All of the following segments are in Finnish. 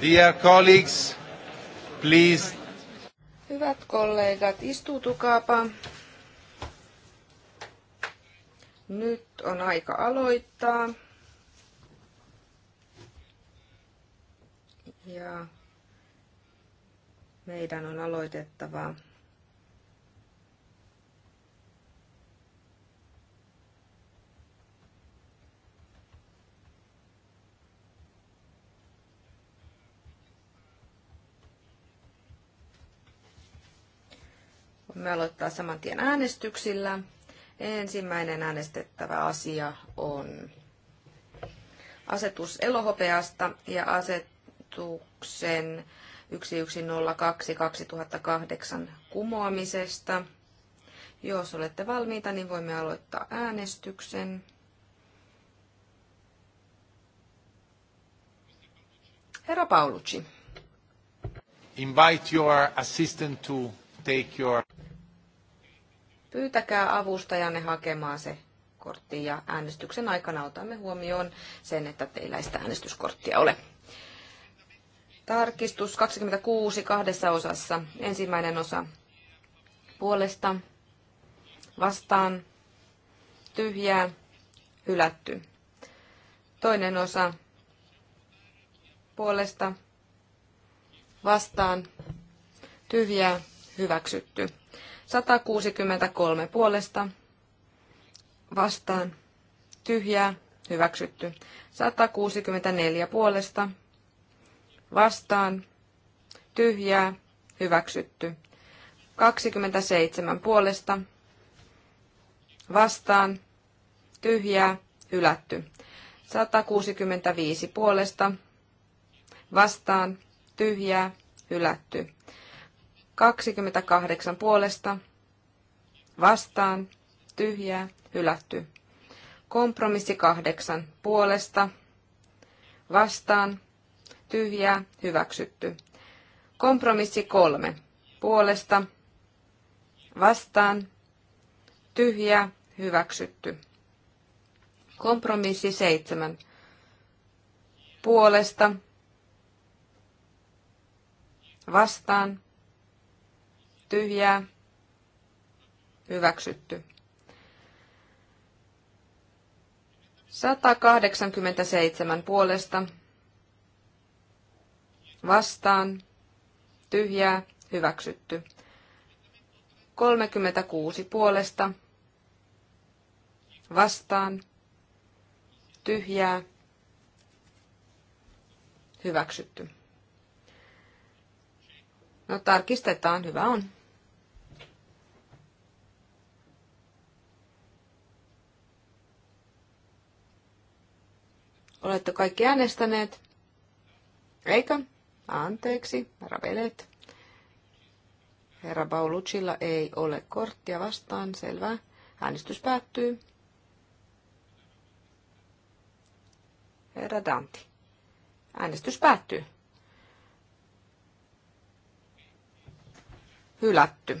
Dear colleagues, please. Hyvät kollegat, istuutukaapa. Nyt on aika aloittaa. Ja meidän on aloitettava me aloittaa saman tien äänestyksillä. Ensimmäinen äänestettävä asia on asetus elohopeasta ja asetuksen 1102-2008 kumoamisesta. Jos olette valmiita, niin voimme aloittaa äänestyksen. Herra Paulucci. Invite your assistant to take your Pyytäkää avustajanne hakemaan se kortti ja äänestyksen aikana otamme huomioon sen, että teillä ei sitä äänestyskorttia ole. Tarkistus 26 kahdessa osassa. Ensimmäinen osa puolesta vastaan tyhjää hylätty. Toinen osa puolesta vastaan tyhjää hyväksytty. 163 puolesta vastaan tyhjää hyväksytty. 164 puolesta vastaan tyhjää hyväksytty. 27 puolesta vastaan tyhjää hylätty. 165 puolesta vastaan tyhjää hylätty. 28 puolesta vastaan, tyhjää, hylätty. Kompromissi kahdeksan, puolesta, vastaan, tyhjää, hyväksytty. Kompromissi kolme, puolesta, vastaan, tyhjää, hyväksytty. Kompromissi seitsemän, puolesta, vastaan, tyhjää, Hyväksytty. 187 puolesta. Vastaan. Tyhjää. Hyväksytty. 36 puolesta. Vastaan. Tyhjää. Hyväksytty. No tarkistetaan, hyvä on. Olette kaikki äänestäneet? Eikö? Anteeksi, ravelet. Herra Baulucilla ei ole korttia vastaan, selvä. Äänestys päättyy. Herra Danti. Äänestys päättyy. Hylätty.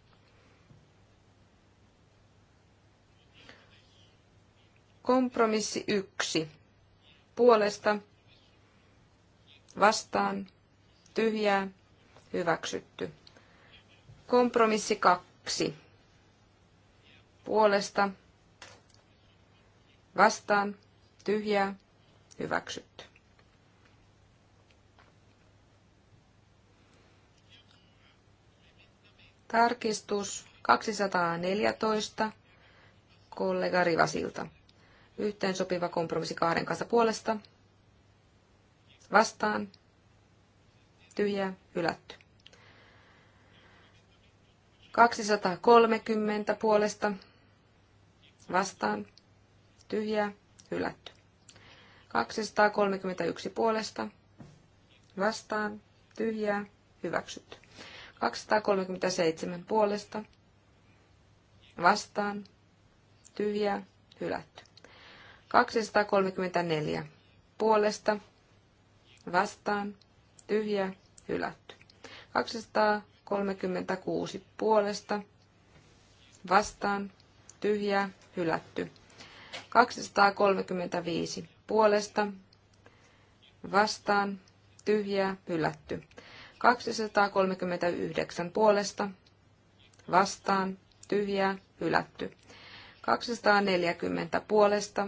Kompromissi yksi. Puolesta vastaan tyhjää hyväksytty. Kompromissi kaksi. Puolesta vastaan tyhjää hyväksytty. Tarkistus 214 kollega Rivasilta Yhteen sopiva kompromissi kahden kanssa puolesta. Vastaan. Tyhjää. Hylätty. 230 puolesta. Vastaan. Tyhjää. Hylätty. 231 puolesta. Vastaan. Tyhjää. Hyväksytty. 237 puolesta. Vastaan. Tyhjää. Hylätty. 234 puolesta vastaan tyhjä hylätty. 236 puolesta vastaan tyhjä hylätty. 235 puolesta vastaan tyhjä hylätty. 239 puolesta vastaan tyhjä hylätty. 240 puolesta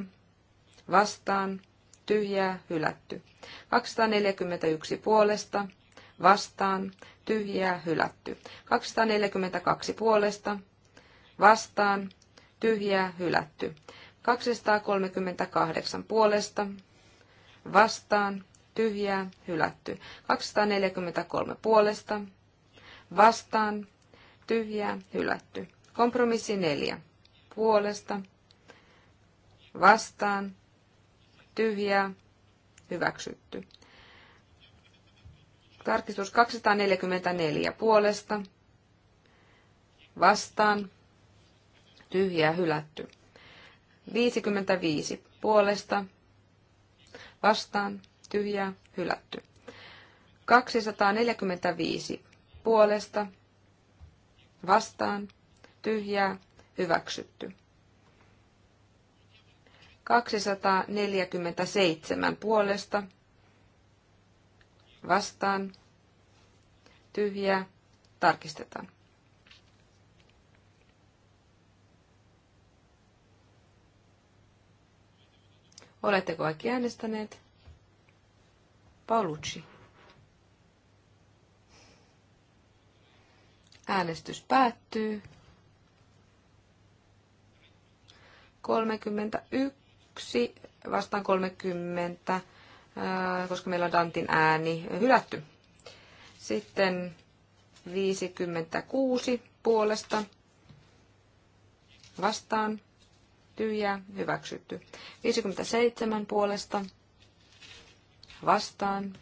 vastaan, tyhjää, hylätty. 241 puolesta, vastaan, tyhjää, hylätty. 242 puolesta, vastaan, tyhjää, hylätty. 238 puolesta, vastaan, tyhjää, hylätty. 243 puolesta, vastaan, tyhjää, hylätty. Kompromissi 4, puolesta, vastaan, tyhjää, hyväksytty. Tarkistus 244 puolesta, vastaan, tyhjää, hylätty. 55 puolesta, vastaan, tyhjää, hylätty. 245 puolesta, vastaan, tyhjää, hyväksytty. 247 puolesta vastaan tyhjää tarkistetaan. Oletteko kaikki äänestäneet? Paulucci. Äänestys päättyy. 31 yksi vastaan 30, äh, koska meillä on Dantin ääni hylätty. Sitten 56 puolesta vastaan tyhjää hyväksytty. 57 puolesta vastaan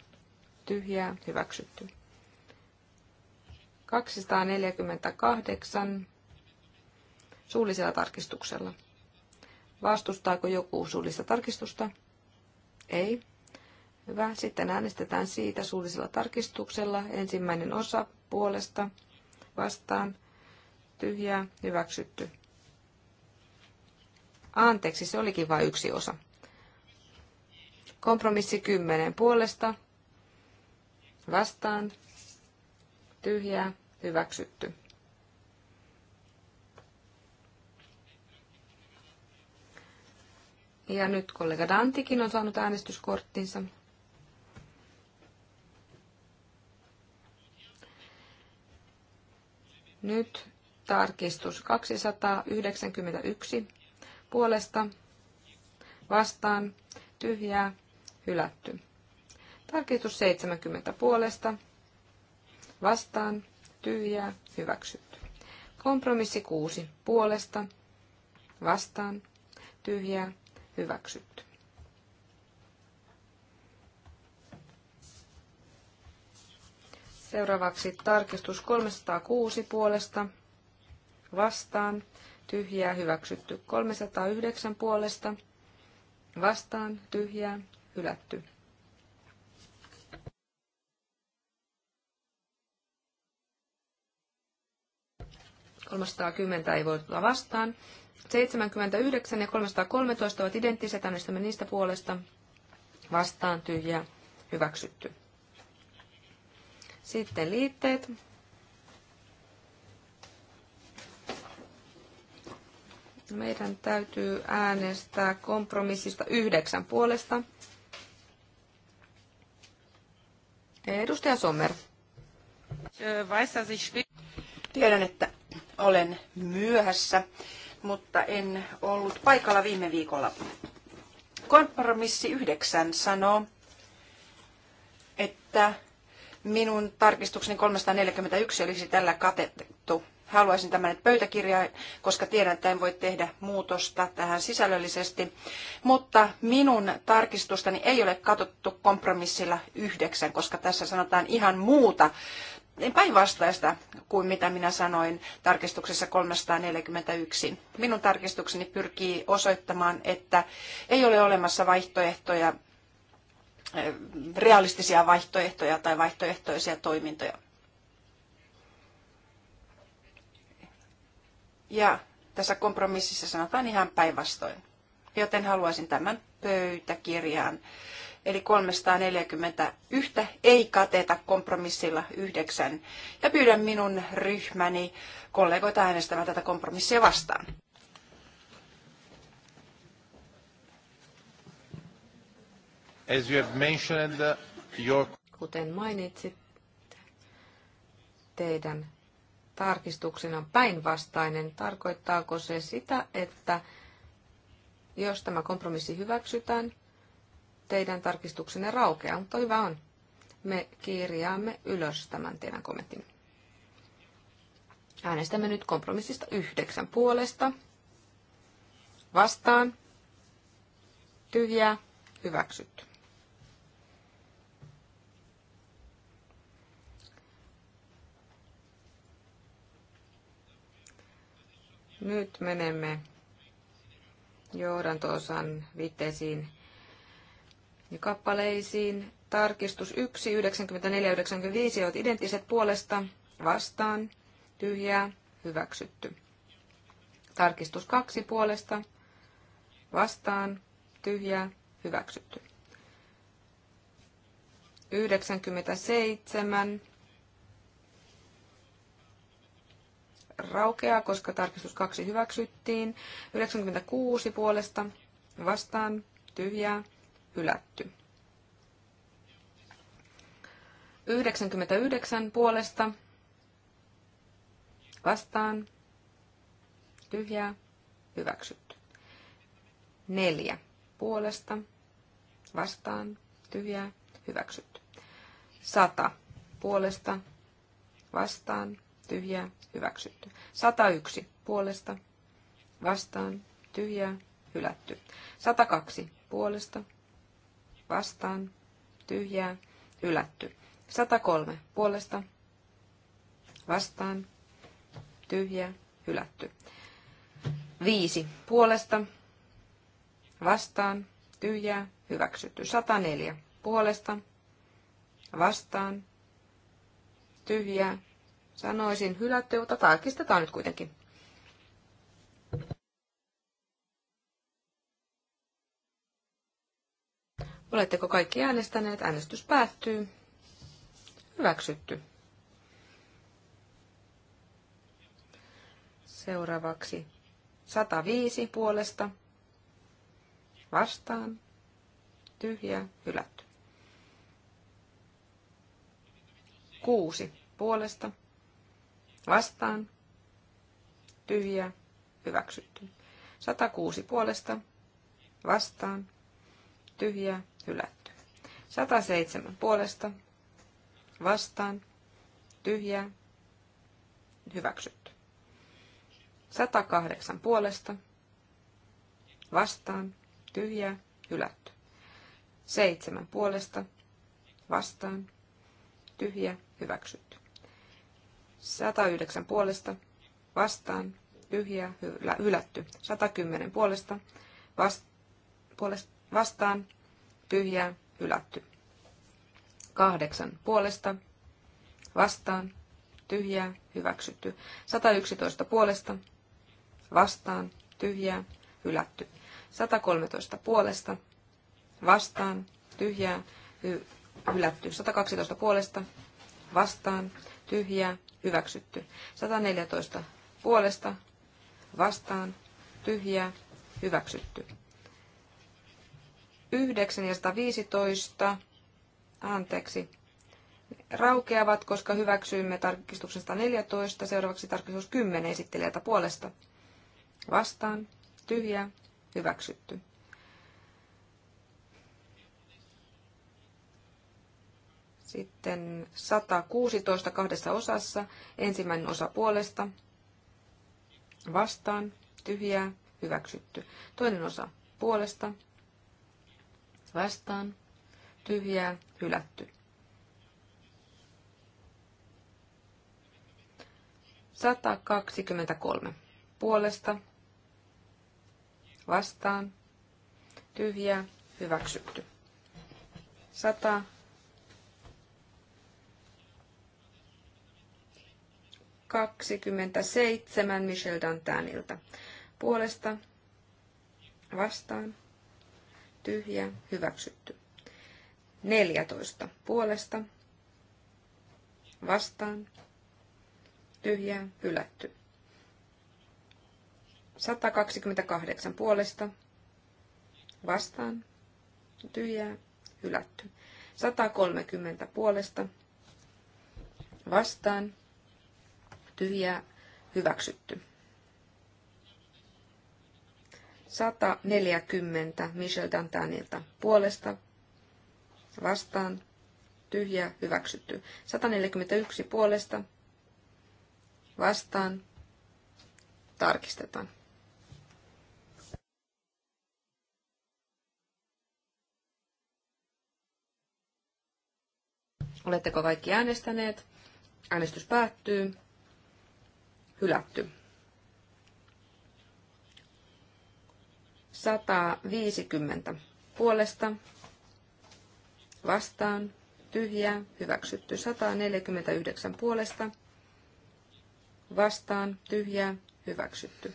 tyhjää hyväksytty. 248 suullisella tarkistuksella. Vastustaako joku suullista tarkistusta? Ei. Hyvä. Sitten äänestetään siitä suullisella tarkistuksella. Ensimmäinen osa puolesta vastaan. Tyhjää. Hyväksytty. Anteeksi, se olikin vain yksi osa. Kompromissi 10 puolesta. Vastaan. Tyhjää. Hyväksytty. Ja nyt kollega Dantikin on saanut äänestyskorttinsa. Nyt tarkistus 291 puolesta vastaan tyhjää hylätty. Tarkistus 70 puolesta vastaan tyhjää hyväksytty. Kompromissi 6 puolesta vastaan tyhjää hyväksytty. Seuraavaksi tarkistus 306 puolesta vastaan, tyhjää hyväksytty. 309 puolesta vastaan, tyhjää hylätty. kymmentä ei voi tulla vastaan. 79 ja 313 ovat identtiset, äänestämme niistä puolesta. Vastaan tyhjää, hyväksytty. Sitten liitteet. Meidän täytyy äänestää kompromissista yhdeksän puolesta. Edustaja Sommer. Äh, Tiedän, että olen myöhässä mutta en ollut paikalla viime viikolla. Kompromissi yhdeksän sanoo, että minun tarkistukseni 341 olisi tällä katettu. Haluaisin tämän pöytäkirjaa, koska tiedän, että en voi tehdä muutosta tähän sisällöllisesti. Mutta minun tarkistustani ei ole katettu kompromissilla yhdeksän, koska tässä sanotaan ihan muuta niin päinvastaista kuin mitä minä sanoin tarkistuksessa 341. Minun tarkistukseni pyrkii osoittamaan, että ei ole olemassa vaihtoehtoja, realistisia vaihtoehtoja tai vaihtoehtoisia toimintoja. Ja tässä kompromississa sanotaan ihan päinvastoin. Joten haluaisin tämän pöytäkirjaan eli 341 ei kateta kompromissilla 9. Ja pyydän minun ryhmäni kollegoita äänestämään tätä kompromissia vastaan. As you have mentioned, uh, your... Kuten mainitsit, teidän tarkistuksena on päinvastainen. Tarkoittaako se sitä, että jos tämä kompromissi hyväksytään, teidän tarkistuksenne raukeaa, mutta hyvä on. Me kirjaamme ylös tämän teidän kommentin. Äänestämme nyt kompromissista yhdeksän puolesta. Vastaan. Tyhjää. Hyväksytty. Nyt menemme johdantoosan viitteisiin ja kappaleisiin. Tarkistus 1, 94, 95 ovat identtiset puolesta, vastaan, tyhjää, hyväksytty. Tarkistus 2 puolesta, vastaan, tyhjää, hyväksytty. 97 raukeaa, koska tarkistus 2 hyväksyttiin. 96 puolesta vastaan tyhjää hylätty. 99 puolesta vastaan tyhjää hyväksytty. 4 puolesta vastaan tyhjää hyväksytty. 100 puolesta vastaan tyhjää hyväksytty. 101 puolesta vastaan tyhjää hylätty. 102 puolesta vastaan, tyhjää, hylätty. 103 puolesta, vastaan, tyhjää, hylätty. 5 puolesta, vastaan, tyhjää, hyväksytty. 104 puolesta, vastaan, tyhjää, sanoisin hylätty, mutta tarkistetaan nyt kuitenkin. Oletteko kaikki äänestäneet? Äänestys päättyy. Hyväksytty. Seuraavaksi 105 puolesta. Vastaan. Tyhjä. Hylätty. Kuusi puolesta. Vastaan. Tyhjä. Hyväksytty. 106 puolesta. Vastaan. Tyhjä hylätty. 107 puolesta vastaan tyhjää hyväksytty. 108 puolesta vastaan tyhjää hylätty. 7 puolesta vastaan tyhjä hyväksytty. 109 puolesta vastaan tyhjä hylätty. 110 puolesta vastaan tyhjää, hylätty. Kahdeksan puolesta, vastaan, tyhjää, hyväksytty. 111 puolesta, vastaan, tyhjää, hylätty. 113 puolesta, vastaan, tyhjää, hy- hylätty. 112 puolesta, vastaan, tyhjää, hyväksytty. 114 puolesta, vastaan, tyhjää, hyväksytty. 9 ja 115, anteeksi, raukeavat, koska hyväksyimme tarkistuksesta 14. Seuraavaksi tarkistus 10 esittelijältä puolesta. Vastaan. Tyhjä. Hyväksytty. Sitten 116 kahdessa osassa. Ensimmäinen osa puolesta. Vastaan. Tyhjää. Hyväksytty. Toinen osa puolesta vastaan, tyhjää, hylätty. 123 puolesta, vastaan, tyhjää, hyväksytty. 100 27 Michel Dantanilta. Puolesta vastaan tyhjä, hyväksytty. 14 puolesta, vastaan, tyhjä, hylätty. 128 puolesta, vastaan, tyhjä, hylätty. 130 puolesta, vastaan, tyhjä hyväksytty. 140 Michel Dantanilta puolesta vastaan tyhjä hyväksytty. 141 puolesta vastaan tarkistetaan. Oletteko kaikki äänestäneet? Äänestys päättyy. Hylätty. 150 puolesta vastaan tyhjää hyväksytty 149 puolesta vastaan tyhjää hyväksytty.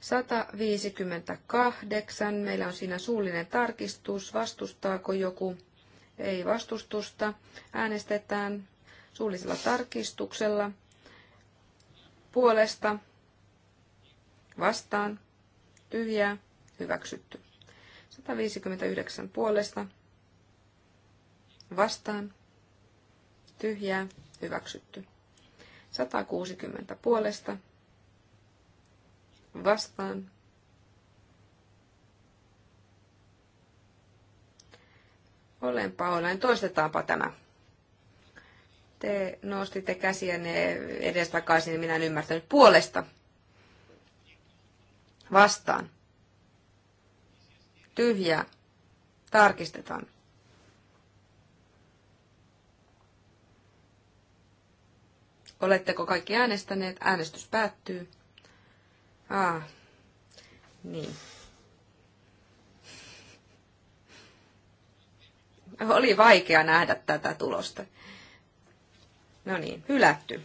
Sata viisikymmentäkahdeksan. Meillä on siinä suullinen tarkistus. Vastustaako joku? Ei vastustusta. Äänestetään suullisella tarkistuksella puolesta vastaan tyhjää hyväksytty. 159 puolesta vastaan tyhjää hyväksytty. 160 puolesta vastaan Olen pahoillani. Toistetaanpa tämä. Te nostitte käsiänne edestakaisin, niin minä en ymmärtänyt puolesta. Vastaan. Tyhjä. Tarkistetaan. Oletteko kaikki äänestäneet? Äänestys päättyy. Ah, niin. Oli vaikea nähdä tätä tulosta. No niin, hylätty.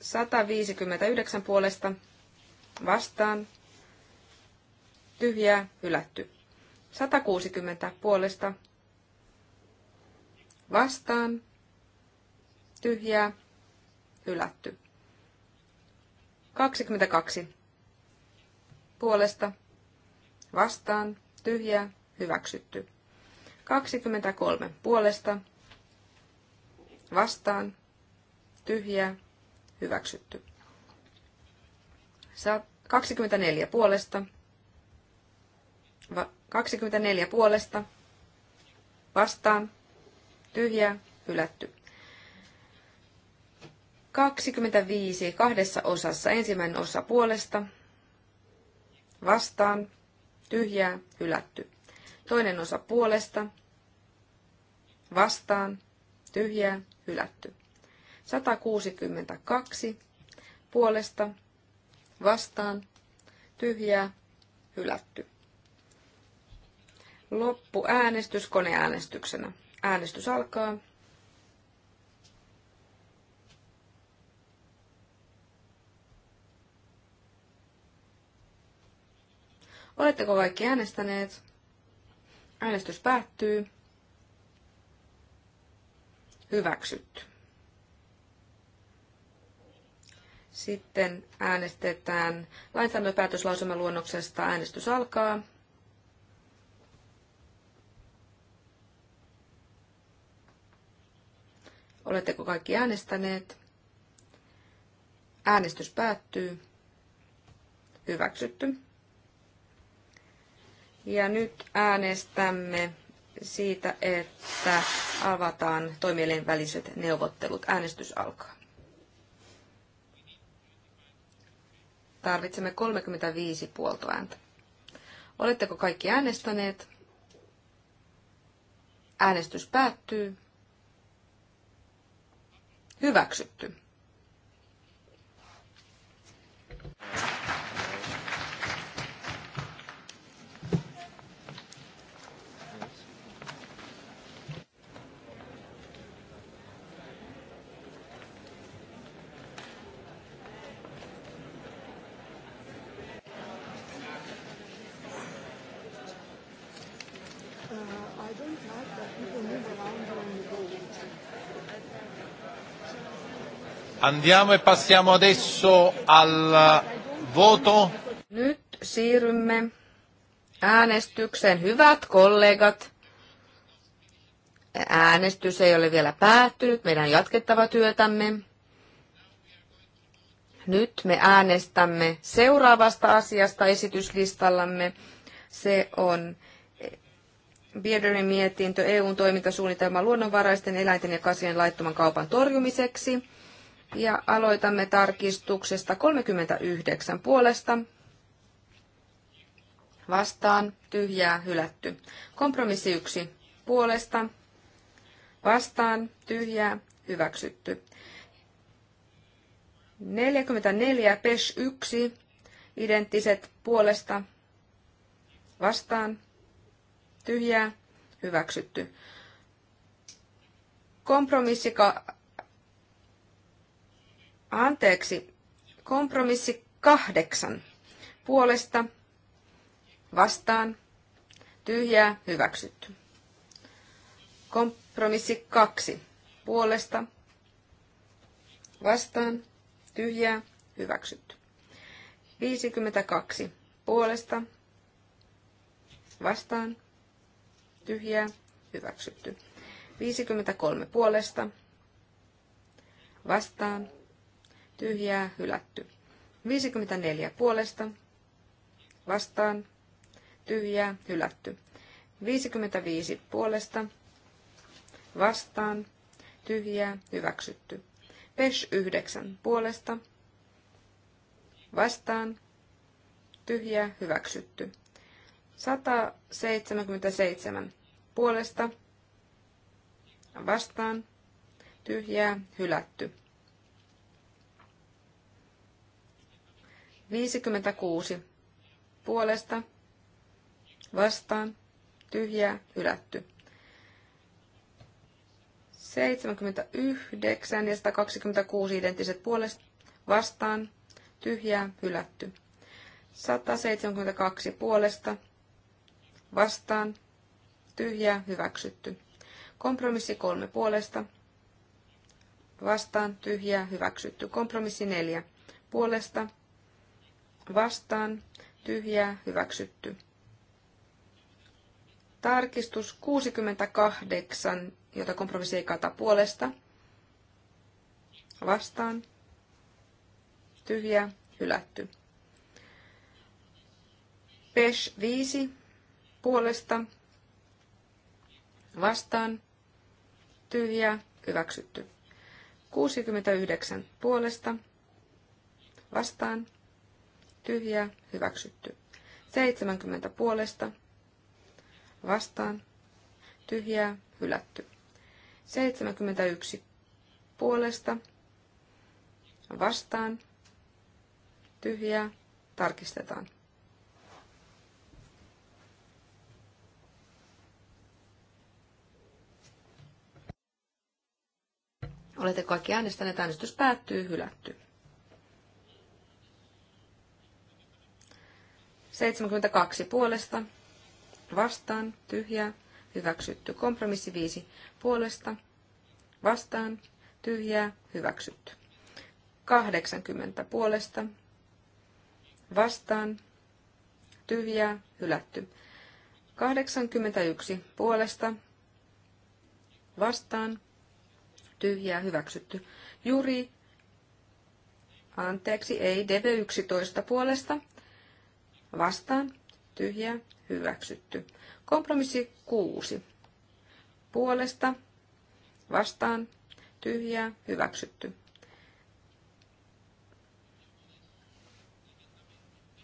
Sata viisikymmentäyhdeksän puolesta vastaan. Tyhjää, hylätty. 160 puolesta vastaan. Tyhjää, hylätty. 22 puolesta vastaan. Tyhjää, hyväksytty. 23 puolesta vastaan tyhjää hyväksytty. 24 puolesta 24 puolesta vastaan tyhjää hylätty. 25 kahdessa osassa. Ensimmäinen osa puolesta, vastaan, tyhjää, hylätty. Toinen osa puolesta, vastaan, tyhjää, hylätty. 162 puolesta, vastaan, tyhjää, hylätty. Loppu äänestys koneäänestyksenä. Äänestys alkaa. Oletteko kaikki äänestäneet? Äänestys päättyy. Hyväksytty. Sitten äänestetään lainsäädäntöpäätöslausumaluonnoksesta. Äänestys alkaa. Oletteko kaikki äänestäneet? Äänestys päättyy. Hyväksytty. Ja nyt äänestämme siitä, että avataan toimielin väliset neuvottelut. Äänestys alkaa. Tarvitsemme 35 puoltoääntä. Oletteko kaikki äänestäneet? Äänestys päättyy. Hyväksytty. Andiamo e passiamo adesso al uh, voto. Nyt siirrymme äänestykseen. Hyvät kollegat, äänestys ei ole vielä päättynyt. Meidän jatkettava työtämme. Nyt me äänestämme seuraavasta asiasta esityslistallamme. Se on Biederin mietintö EUn toimintasuunnitelma luonnonvaraisten eläinten ja kasvien laittoman kaupan torjumiseksi. Ja aloitamme tarkistuksesta 39 puolesta. Vastaan tyhjää hylätty. Kompromissi 1 puolesta. Vastaan tyhjää hyväksytty. 44 PES 1 identtiset puolesta. Vastaan tyhjää hyväksytty. Kompromissi Anteeksi, kompromissi kahdeksan. Puolesta, vastaan, tyhjää, hyväksytty. Kompromissi kaksi. Puolesta, vastaan, tyhjää, hyväksytty. 52. Puolesta, vastaan, tyhjää, hyväksytty. 53. Puolesta, vastaan, tyhjää, hylätty. 54 puolesta, vastaan, tyhjää, hylätty. 55 puolesta, vastaan, tyhjää, hyväksytty. Pesh 9 puolesta, vastaan, tyhjää, hyväksytty. 177 puolesta, vastaan, tyhjää, hylätty. 56 puolesta vastaan tyhjää hylätty. 79 ja 126 identtiset puolesta vastaan tyhjää hylätty. 172 puolesta vastaan tyhjää hyväksytty. Kompromissi kolme puolesta vastaan tyhjää hyväksytty. Kompromissi neljä puolesta vastaan, tyhjää, hyväksytty. Tarkistus 68, jota kompromissi ei kata puolesta, vastaan, tyhjää, hylätty. PES 5 puolesta, vastaan, tyhjää, hyväksytty. 69 puolesta, vastaan, tyhjää, hyväksytty. 70 puolesta, vastaan, tyhjää, hylätty. 71 puolesta, vastaan, tyhjää, tarkistetaan. Olette kaikki äänestäneet, äänestys päättyy, hylätty. 72 puolesta, vastaan, tyhjää, hyväksytty. Kompromissi 5 puolesta, vastaan, tyhjää, hyväksytty. 80 puolesta, vastaan, tyhjää, hylätty. 81 puolesta, vastaan, tyhjää, hyväksytty. Juri, anteeksi, ei, DV11 puolesta, Vastaan. tyhjä Hyväksytty. Kompromissi 6. Puolesta. Vastaan. tyhjä Hyväksytty.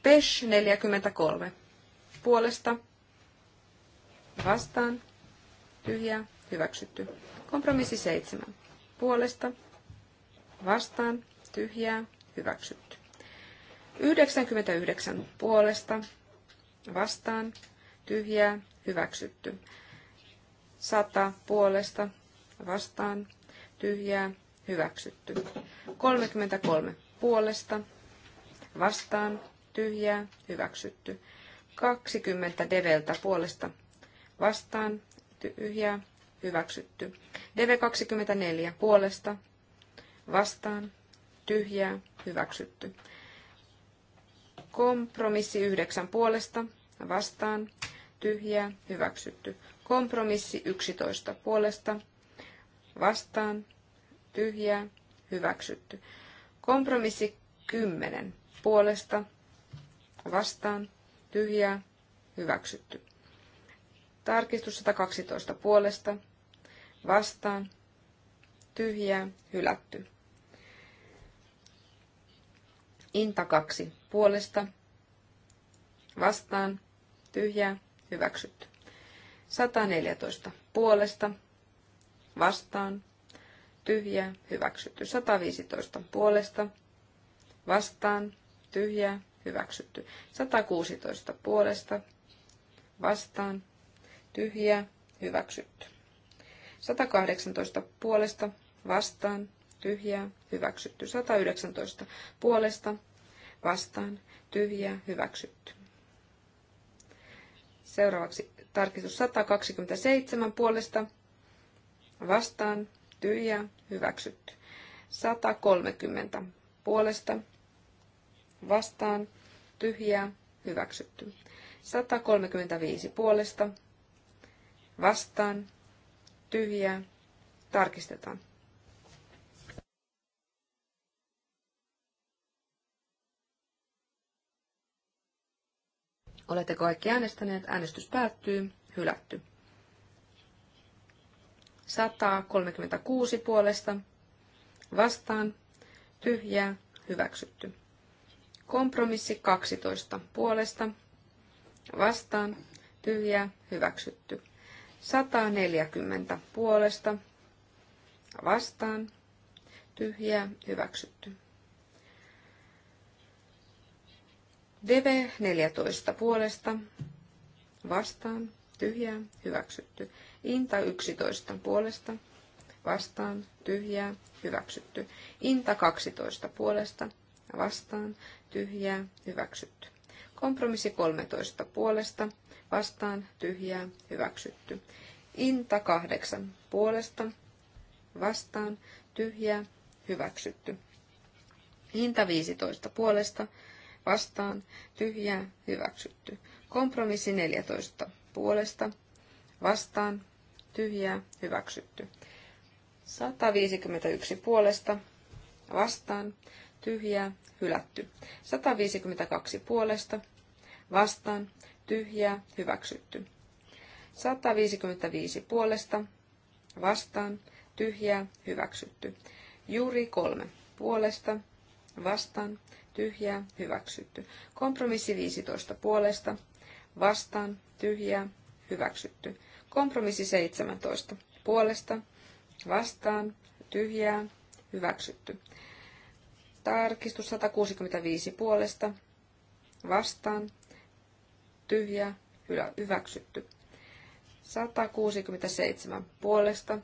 Pesh 43. Puolesta. Vastaan. tyhjä Hyväksytty. Kompromissi 7. Puolesta. Vastaan. tyhjä Hyväksytty. 99 puolesta vastaan tyhjää hyväksytty. 100 puolesta vastaan tyhjää hyväksytty. 33 puolesta vastaan tyhjää hyväksytty. 20 develtä puolesta vastaan tyhjää hyväksytty. DV24 puolesta vastaan tyhjää hyväksytty. Kompromissi yhdeksän puolesta vastaan tyhjää hyväksytty. Kompromissi yksitoista puolesta vastaan tyhjää hyväksytty. Kompromissi kymmenen puolesta vastaan tyhjää hyväksytty. Tarkistus 112 puolesta vastaan tyhjää hylätty. Inta 2 puolesta vastaan tyhjää hyväksytty. 114 puolesta vastaan tyhjää hyväksytty. 115 puolesta vastaan tyhjää hyväksytty. 116 puolesta vastaan tyhjää hyväksytty. 118 puolesta vastaan tyhjää hyväksytty. 119 puolesta vastaan, tyhjiä, hyväksytty. Seuraavaksi tarkistus 127 puolesta, vastaan, tyhjiä, hyväksytty. 130 puolesta, vastaan, tyhjiä, hyväksytty. 135 puolesta, vastaan, tyhjiä, tarkistetaan. Olette kaikki äänestäneet? Äänestys päättyy. Hylätty. 136 puolesta. Vastaan. Tyhjää. Hyväksytty. Kompromissi 12 puolesta. Vastaan. Tyhjää. Hyväksytty. 140 puolesta. Vastaan. Tyhjää. Hyväksytty. DV14 puolesta vastaan tyhjää hyväksytty. Inta 11 puolesta vastaan tyhjää hyväksytty. Inta 12 puolesta vastaan tyhjää hyväksytty. Kompromissi 13 puolesta vastaan tyhjää hyväksytty. Inta 8 puolesta vastaan tyhjää hyväksytty. Inta 15 puolesta vastaan, vastaan, tyhjää, hyväksytty. Kompromissi 14 puolesta, vastaan, tyhjää, hyväksytty. 151 puolesta, vastaan, tyhjää, hylätty. 152 puolesta, vastaan, tyhjää, hyväksytty. 155 puolesta, vastaan, tyhjää, hyväksytty. Juuri kolme puolesta, vastaan, tyhjää, hyväksytty. Kompromissi 15 puolesta, vastaan, tyhjää, hyväksytty. Kompromissi 17 puolesta, vastaan, tyhjää, hyväksytty. Tarkistus 165 puolesta, vastaan, tyhjää, hyväksytty. 167 puolesta,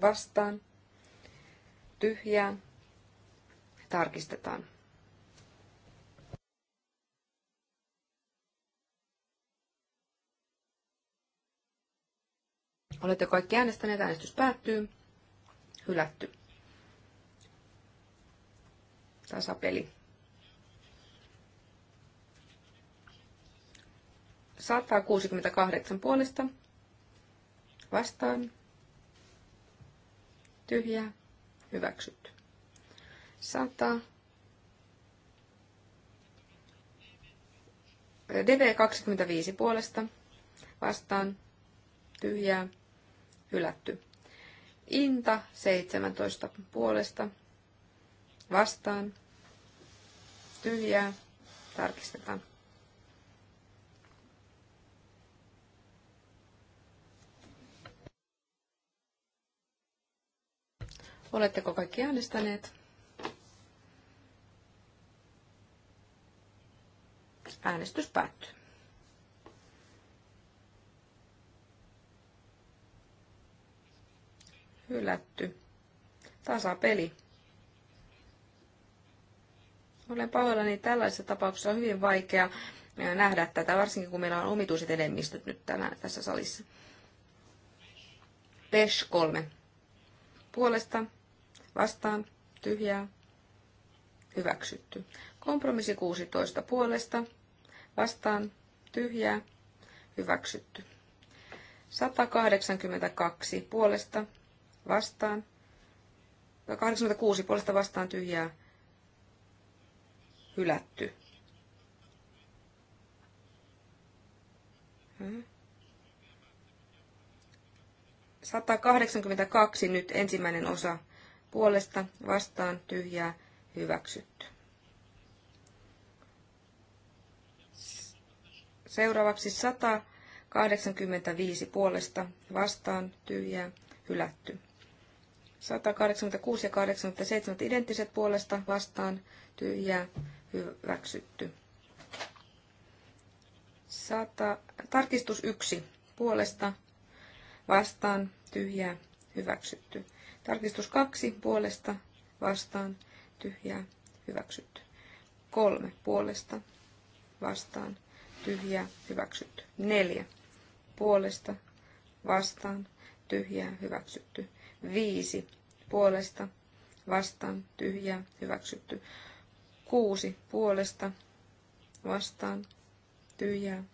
vastaan, tyhjää, tarkistetaan. Olette kaikki äänestäneet, äänestys päättyy. Hylätty. Tasapeli. 168 puolesta. Vastaan. Tyhjä. Hyväksytty. 100. DV25 puolesta vastaan tyhjää hylätty. Inta 17 puolesta vastaan tyhjää tarkistetaan. Oletteko kaikki äänestäneet? Äänestys päättyy. Hylätty. Tasapeli. Olen pahoillani, tällaisessa tapauksessa on hyvin vaikea eh, nähdä tätä, varsinkin kun meillä on omituiset enemmistöt nyt tänään tässä salissa. PES 3. Puolesta, vastaan, tyhjää, hyväksytty. Kompromissi 16 puolesta, vastaan tyhjää hyväksytty. 182 puolesta vastaan 86 puolesta vastaan tyhjää hylätty. hmm 182 nyt ensimmäinen osa puolesta vastaan tyhjää hyväksytty. Seuraavaksi 185 puolesta vastaan tyhjää hylätty. 186 ja 87 identtiset puolesta vastaan tyhjää hyväksytty. 100, tarkistus 1 puolesta vastaan tyhjää hyväksytty. Tarkistus 2 puolesta vastaan tyhjää hyväksytty. 3 puolesta vastaan tyhjää, hyväksytty. Neljä, puolesta, vastaan, tyhjää, hyväksytty. Viisi, puolesta, vastaan, tyhjää, hyväksytty. Kuusi, puolesta, vastaan, tyhjää,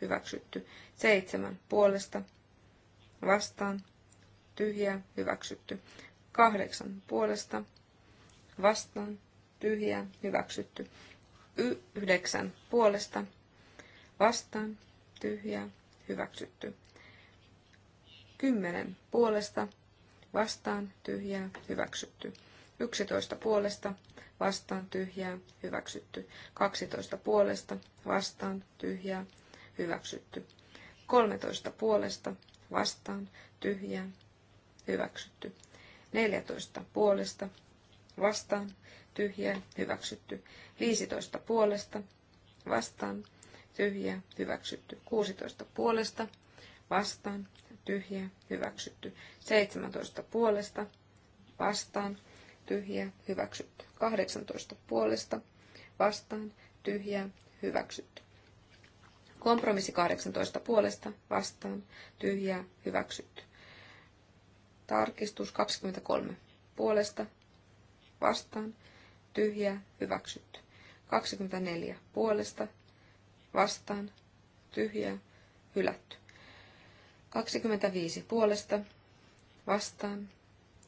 hyväksytty. Seitsemän, puolesta, vastaan, tyhjää, hyväksytty. Kahdeksan, puolesta, vastaan, tyhjää, hyväksytty. Y- yhdeksän, puolesta, vastaan, tyhjää, hyväksytty. 10 puolesta, vastaan, tyhjää, hyväksytty. 11 puolesta, vastaan, tyhjää, hyväksytty. 12 puolesta, vastaan, tyhjää, hyväksytty. 13 puolesta, vastaan, tyhjää, hyväksytty. 14 puolesta, vastaan, tyhjää, hyväksytty. 15 puolesta, vastaan, tyhjä, hyväksytty. 16 puolesta, vastaan, tyhjä, hyväksytty. 17 puolesta, vastaan, tyhjä, hyväksytty. 18 puolesta, vastaan, tyhjä, hyväksytty. Kompromissi 18 puolesta, vastaan, tyhjä, hyväksytty. Tarkistus 23 puolesta, vastaan, tyhjä, hyväksytty. 24 puolesta, vastaan, tyhjää, hylätty. 25 puolesta, vastaan,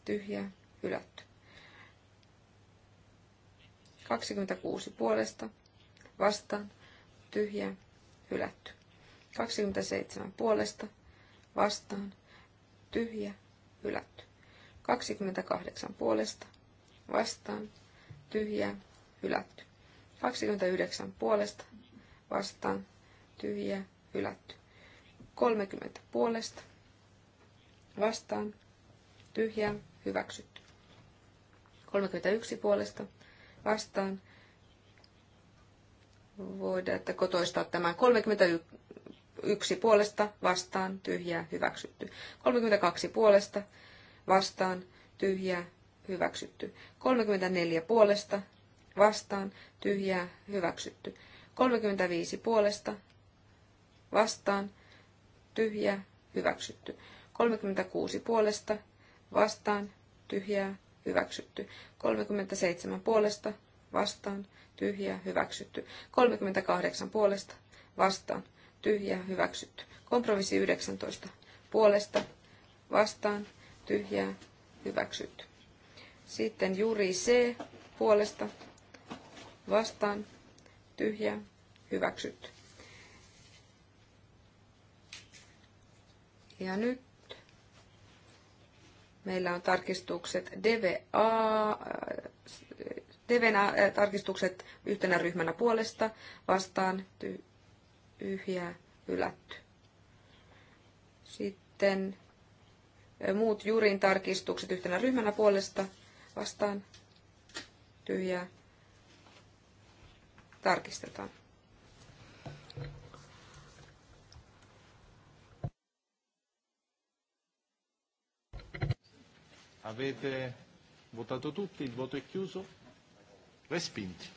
tyhjää, hylätty. 26 puolesta, vastaan, tyhjää, hylätty. 27 puolesta, vastaan, tyhjä, hylätty. 28 puolesta, vastaan, tyhjä, hylätty. 29 puolesta, vastaan tyhjä hylätty. 30 puolesta vastaan tyhjä hyväksytty. 31 puolesta vastaan voidaan että kotoistaa tämän 31 puolesta vastaan tyhjä hyväksytty. 32 puolesta vastaan tyhjä hyväksytty. 34 puolesta vastaan tyhjä hyväksytty. 35 puolesta vastaan tyhjä hyväksytty. 36 puolesta vastaan tyhjä hyväksytty. 37 puolesta vastaan tyhjä hyväksytty. 38 puolesta vastaan tyhjä hyväksytty. Kompromissi 19 puolesta vastaan tyhjä hyväksytty. Sitten juuri C puolesta vastaan tyhjää, hyväksyt Ja nyt meillä on tarkistukset DVA, dva äh, tarkistukset yhtenä ryhmänä puolesta vastaan tyhjää, hylätty. Sitten äh, muut jurin tarkistukset yhtenä ryhmänä puolesta vastaan tyhjää, tarkistetaan. Avete votato tutti, il voto è chiuso. Respinti.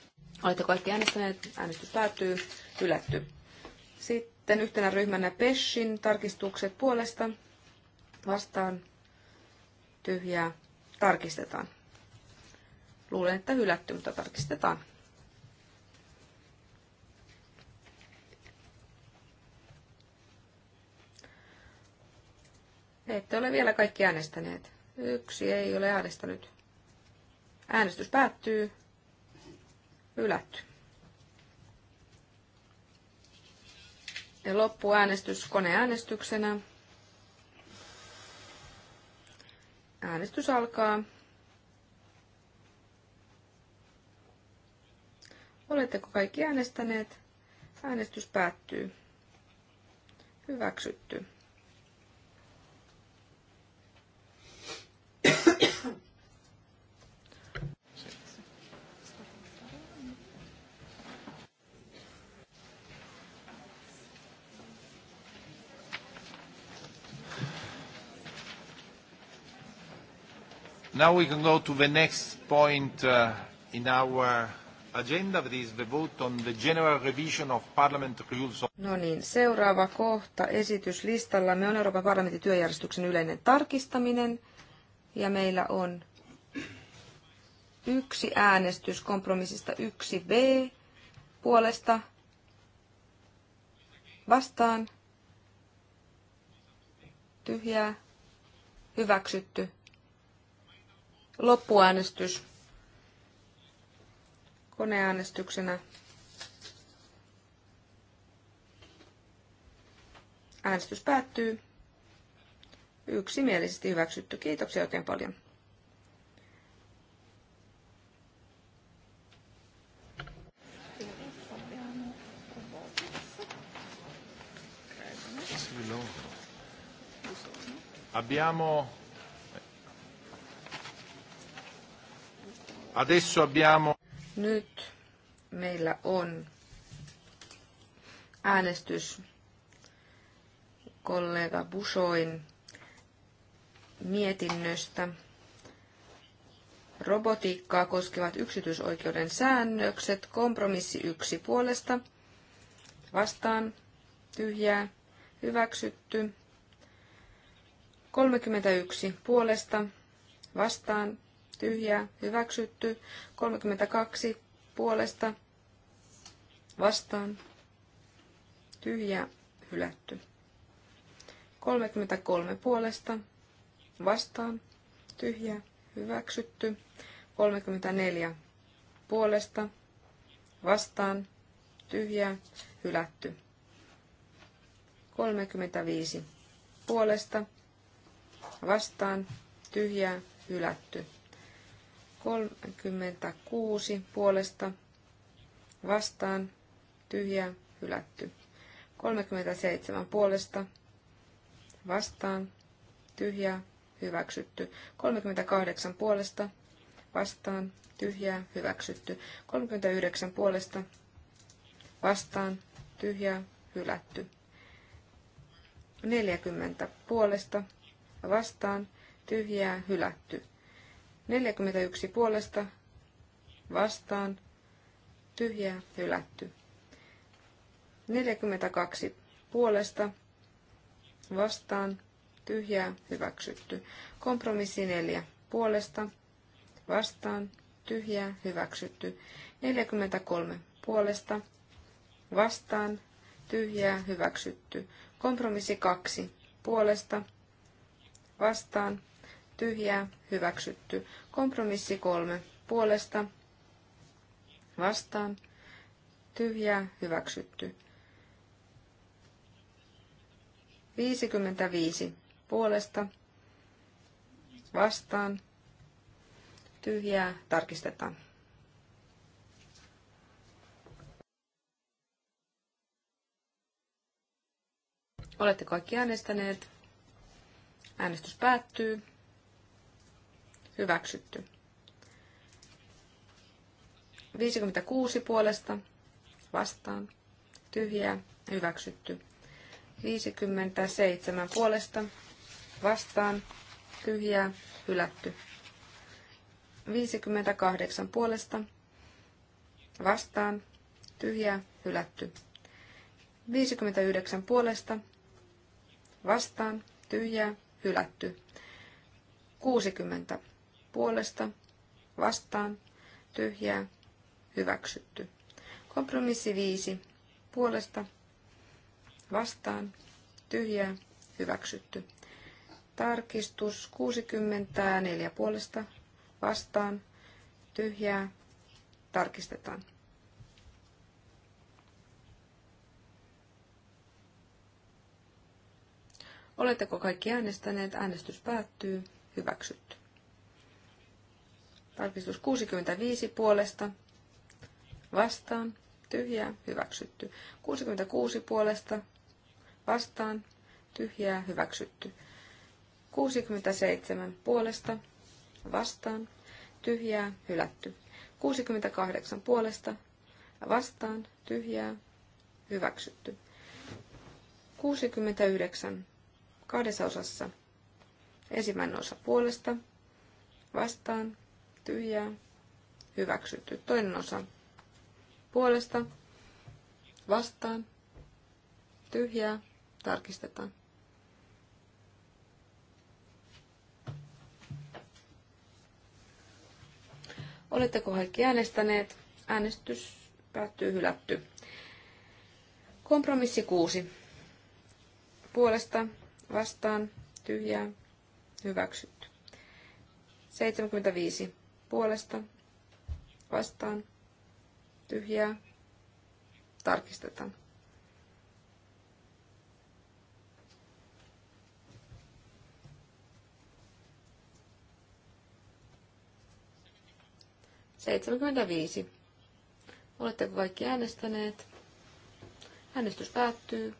Olette kaikki äänestäneet, äänestys päättyy, hylätty. Sitten yhtenä ryhmänä Peshin tarkistukset puolesta vastaan tyhjää tarkistetaan. Luulen, että hylätty, mutta tarkistetaan. Ette ole vielä kaikki äänestäneet. Yksi ei ole äänestänyt. Äänestys päättyy. Ylätty. Ja äänestys koneäänestyksenä. Äänestys alkaa. Oletteko kaikki äänestäneet? Äänestys päättyy. Hyväksytty. Now we can go to the next point uh, in our agenda, that is the vote on the general revision of parliament rules. No niin, seuraava kohta esityslistalla me on Euroopan parlamentin työjärjestyksen yleinen tarkistaminen ja meillä on yksi äänestys kompromissista 1b puolesta vastaan tyhjää hyväksytty Loppuäänestys koneäänestyksenä. Äänestys päättyy. Yksimielisesti hyväksytty. Kiitoksia oikein paljon. Abbiamo Adesso abbiamo... Nyt meillä on äänestys kollega Busoin mietinnöstä robotiikkaa koskevat yksityisoikeuden säännökset, kompromissi yksi puolesta, vastaan, tyhjää, hyväksytty, 31 puolesta, vastaan, tyhjää, hyväksytty. 32 puolesta vastaan, tyhjää, hylätty. 33 puolesta vastaan, tyhjää, hyväksytty. 34 puolesta vastaan, tyhjää, hylätty. 35 puolesta vastaan, tyhjää, hylätty. 36 puolesta vastaan tyhjä hylätty. 37 puolesta vastaan tyhjä hyväksytty. 38 puolesta vastaan tyhjä hyväksytty. 39 puolesta vastaan tyhjä hylätty. 40 puolesta vastaan tyhjää hylätty. 41 puolesta vastaan tyhjää hylätty. 42 puolesta vastaan tyhjää hyväksytty. Kompromissi 4 puolesta vastaan tyhjää hyväksytty. 43 puolesta vastaan tyhjää hyväksytty. Kompromissi 2 puolesta vastaan tyhjää, hyväksytty. Kompromissi kolme, puolesta, vastaan, tyhjää, hyväksytty. 55, puolesta, vastaan, tyhjää, tarkistetaan. Olette kaikki äänestäneet. Äänestys päättyy. Hyväksytty. 56 puolesta vastaan. Tyhjää. Hyväksytty. 57 puolesta vastaan. Tyhjää. Hylätty. 58 puolesta vastaan. Tyhjää. Hylätty. 59 puolesta vastaan. Tyhjää. Hylätty. 60 puolesta vastaan tyhjää hyväksytty. Kompromissi viisi puolesta vastaan tyhjää hyväksytty. Tarkistus 64 puolesta vastaan tyhjää tarkistetaan. Oletteko kaikki äänestäneet? Äänestys päättyy. Hyväksytty. Tarkistus 65 puolesta vastaan tyhjää hyväksytty. 66 puolesta vastaan tyhjää hyväksytty. 67 puolesta vastaan tyhjää hylätty. 68 puolesta vastaan tyhjää hyväksytty. 69 kahdessa osassa. Ensimmäinen osa puolesta vastaan ja hyväksytty. Toinen osa puolesta, vastaan, tyhjää, tarkistetaan. Oletteko kaikki äänestäneet? Äänestys päättyy hylätty. Kompromissi 6. Puolesta, vastaan, tyhjää, hyväksytty. 75 puolesta vastaan tyhjää tarkistetaan. Seitsemänkymmentäviisi. Oletteko kaikki äänestäneet? Äänestys päättyy.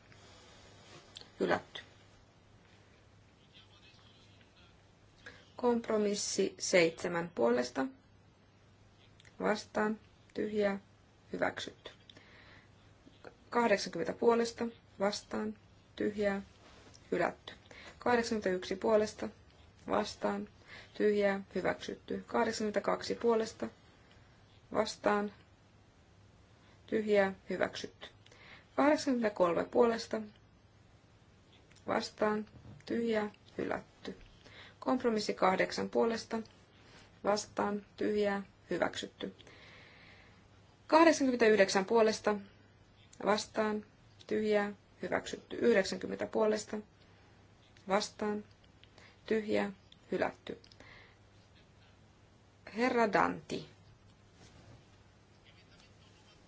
Hylätty. Kompromissi seitsemän puolesta. Vastaan. Tyhjää. Hyväksytty. 80 puolesta. Vastaan. Tyhjää. Hylätty. 81 puolesta. Vastaan. Tyhjää. Hyväksytty. 82 puolesta. Vastaan. Tyhjää. Hyväksytty. 83 puolesta. Vastaan. Tyhjää. Hylätty. Kompromissi kahdeksan puolesta vastaan tyhjää hyväksytty. 89 puolesta vastaan tyhjää hyväksytty. 90 puolesta vastaan tyhjää hylätty. Herra Danti.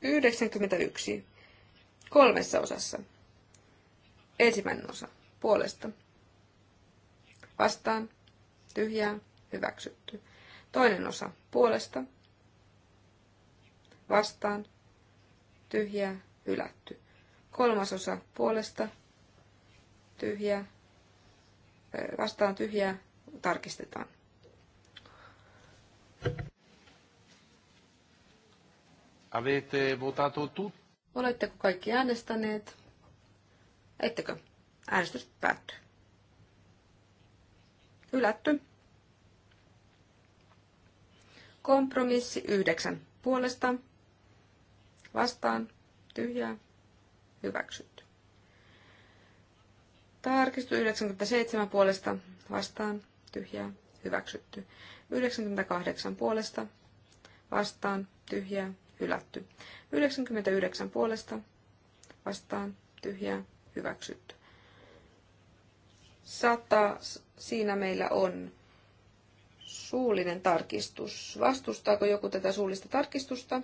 91. Kolmessa osassa. Ensimmäinen osa. Puolesta. Vastaan tyhjää, hyväksytty. Toinen osa puolesta, vastaan, tyhjää, hylätty. Kolmas osa puolesta, tyhjää, vastaan tyhjää, tarkistetaan. Avete votato Oletteko kaikki äänestäneet? Ettekö? Äänestys päättyy ylätty Kompromissi 9. Puolesta. Vastaan. Tyhjää. Hyväksytty. Tarkistus 97 puolesta. Vastaan. Tyhjää. Hyväksytty. 98 puolesta. Vastaan. Tyhjää. Hylätty. 99 puolesta. Vastaan. Tyhjää. Hyväksytty. 100, siinä meillä on suullinen tarkistus. Vastustaako joku tätä suullista tarkistusta?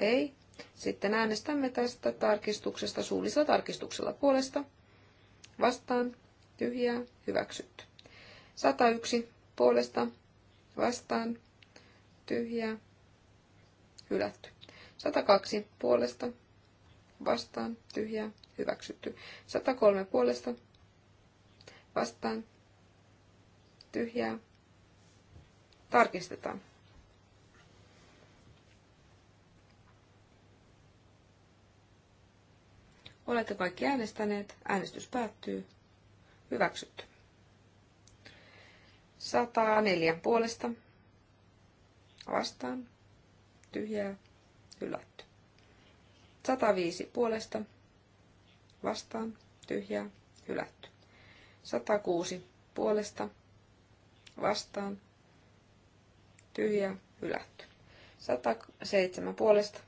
Ei. Sitten äänestämme tästä tarkistuksesta suullisella tarkistuksella puolesta. Vastaan. Tyhjää. Hyväksytty. 101 puolesta. Vastaan. Tyhjää. Hylätty. 102 puolesta. Vastaan. Tyhjää. Hyväksytty. 103 puolesta vastaan tyhjää. Tarkistetaan. Olette kaikki äänestäneet. Äänestys päättyy. Hyväksytty. 104 puolesta. Vastaan. Tyhjää. Hylätty. 105 puolesta. Vastaan. Tyhjää. Hylätty. 106 puolesta vastaan tyhjä hylätty. 107 puolesta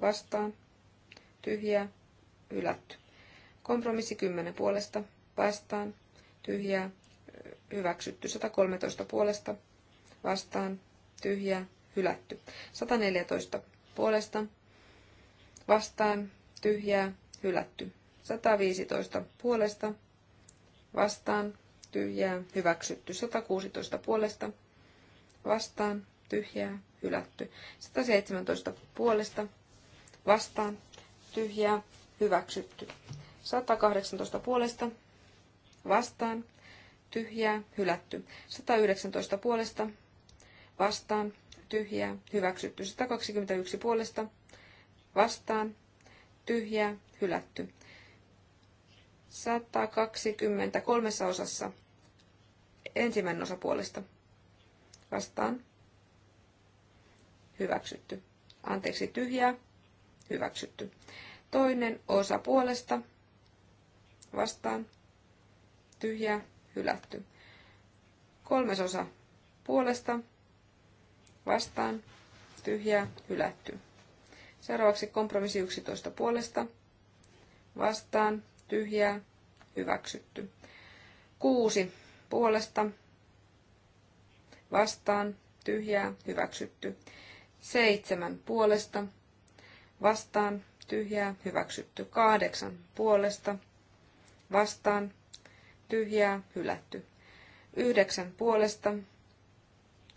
vastaan tyhjä hylätty. Kompromissi 10 puolesta vastaan tyhjä hyväksytty. 113 puolesta vastaan tyhjä hylätty. 114 puolesta vastaan tyhjää hylätty. 115 puolesta vastaan, tyhjää, hyväksytty. 116 puolesta, vastaan, tyhjää, hylätty. 117 puolesta, vastaan, tyhjää, hyväksytty. 118 puolesta, vastaan, tyhjää, hylätty. 119 puolesta, vastaan, tyhjää, hyväksytty. 121 puolesta, vastaan, tyhjää, hylätty. 120 kolmessa osassa. Ensimmäinen osa puolesta. Vastaan. Hyväksytty. Anteeksi, tyhjää. Hyväksytty. Toinen osa puolesta. Vastaan. Tyhjää. Hylätty. Kolmes osa puolesta. Vastaan. Tyhjää. Hylätty. Seuraavaksi kompromissi 11 puolesta. Vastaan tyhjää, hyväksytty. Kuusi puolesta, vastaan, tyhjää, hyväksytty. Seitsemän puolesta, vastaan, tyhjää, hyväksytty. Kahdeksan puolesta, vastaan, tyhjää, hylätty. Yhdeksän puolesta,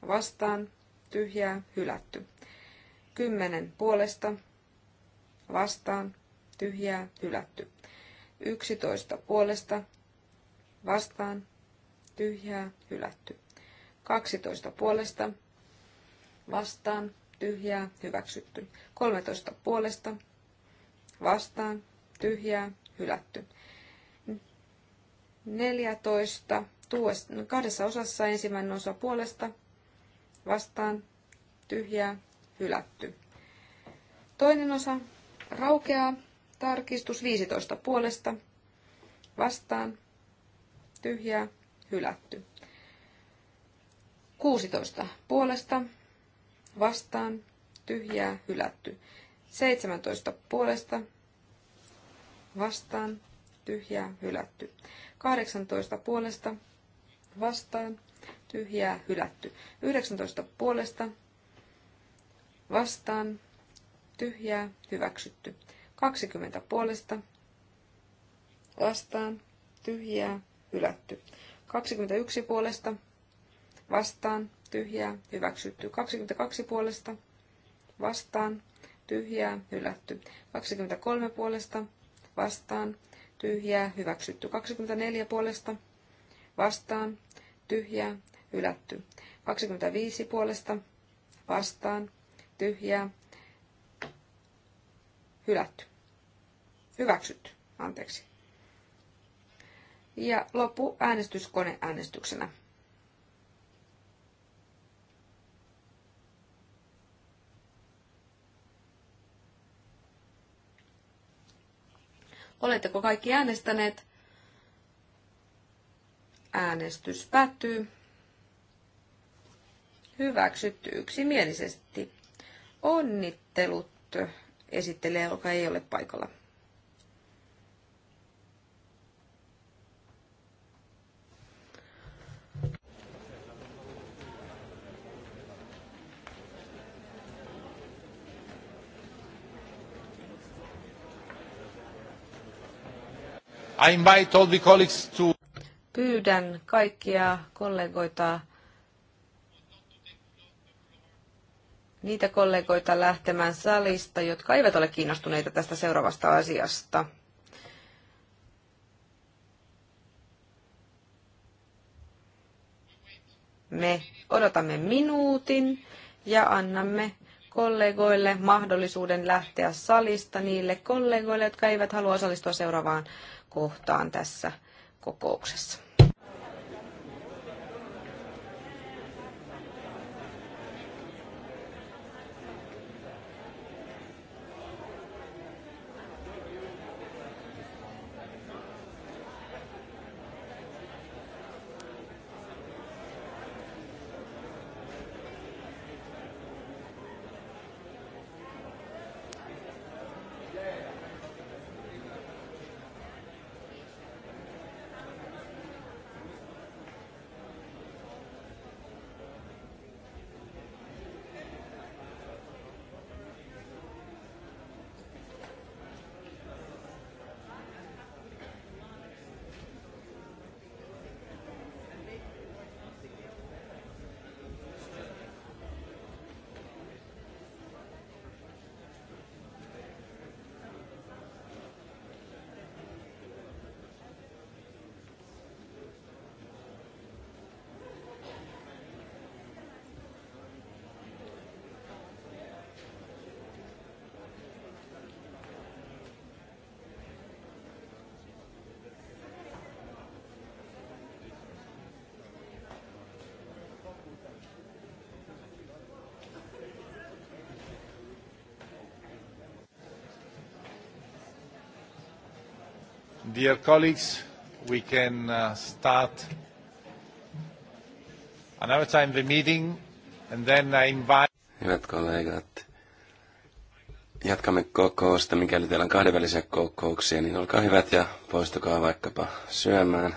vastaan, tyhjää, hylätty. Kymmenen puolesta, vastaan, tyhjää, hylätty. 11 puolesta vastaan tyhjää hylätty. 12 puolesta vastaan tyhjää hyväksytty. 13 puolesta vastaan tyhjää hylätty. 14 tuosta, no, kahdessa osassa ensimmäinen osa puolesta vastaan tyhjää hylätty. Toinen osa raukeaa Tarkistus 15 puolesta. Vastaan. Tyhjää. Hylätty. 16 puolesta. Vastaan. Tyhjää. Hylätty. 17 puolesta. Vastaan. Tyhjää. Hylätty. 18 puolesta. Vastaan. Tyhjää. Hylätty. 19 puolesta. Vastaan. Tyhjää. Hyväksytty. 20 puolesta vastaan tyhjää hylätty. 21 puolesta vastaan tyhjää hyväksytty. 22 puolesta vastaan tyhjää hylätty. 23 puolesta vastaan tyhjää hyväksytty. 24 puolesta vastaan tyhjää hylätty. 25 puolesta vastaan tyhjää hylätty. Hyväksytty, anteeksi. Ja loppu äänestyskone äänestyksenä. Oletteko kaikki äänestäneet? Äänestys päättyy. Hyväksytty yksimielisesti. Onnittelut esittelee, joka ei ole paikalla. I invite all the colleagues to... Pyydän kaikkia kollegoita niitä kollegoita lähtemään salista, jotka eivät ole kiinnostuneita tästä seuraavasta asiasta. Me odotamme minuutin ja annamme kollegoille mahdollisuuden lähteä salista niille kollegoille, jotka eivät halua osallistua seuraavaan kohtaan tässä kokouksessa. Dear colleagues, we can uh, start another time the meeting, and then I invite... Hyvät kollegat, jatkamme kokousta. Mikäli teillä on kahdenvälisiä kokouksia, niin olkaa hyvät ja poistukaa vaikkapa syömään.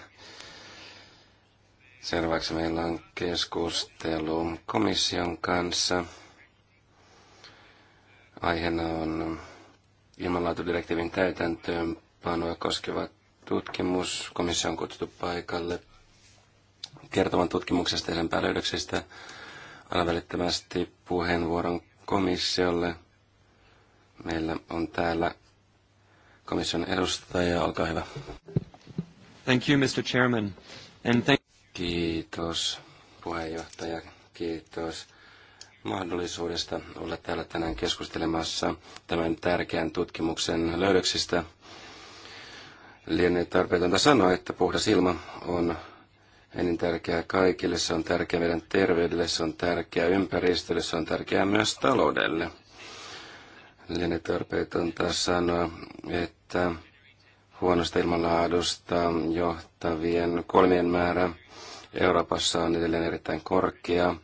Seuraavaksi meillä on keskustelu komission kanssa. Aiheena on ilmanlaatudirektiivin täytäntöön täytäntöönpanoa koskeva tutkimus. Komissio on kutsuttu paikalle kertovan tutkimuksesta ja sen päälöydöksistä. Annan välittömästi puheenvuoron komissiolle. Meillä on täällä komission edustaja. Olkaa hyvä. Thank you, Mr. Chairman. And thank Kiitos puheenjohtaja. Kiitos mahdollisuudesta olla täällä tänään keskustelemassa tämän tärkeän tutkimuksen löydöksistä – Lienee tarpeetonta sanoa, että puhdas ilma on ennen tärkeää kaikille. Se on tärkeää meidän terveydelle, se on tärkeää ympäristölle, se on tärkeää myös taloudelle. Lienee tarpeetonta sanoa, että huonosta ilmanlaadusta johtavien kolmien määrä Euroopassa on edelleen erittäin korkea.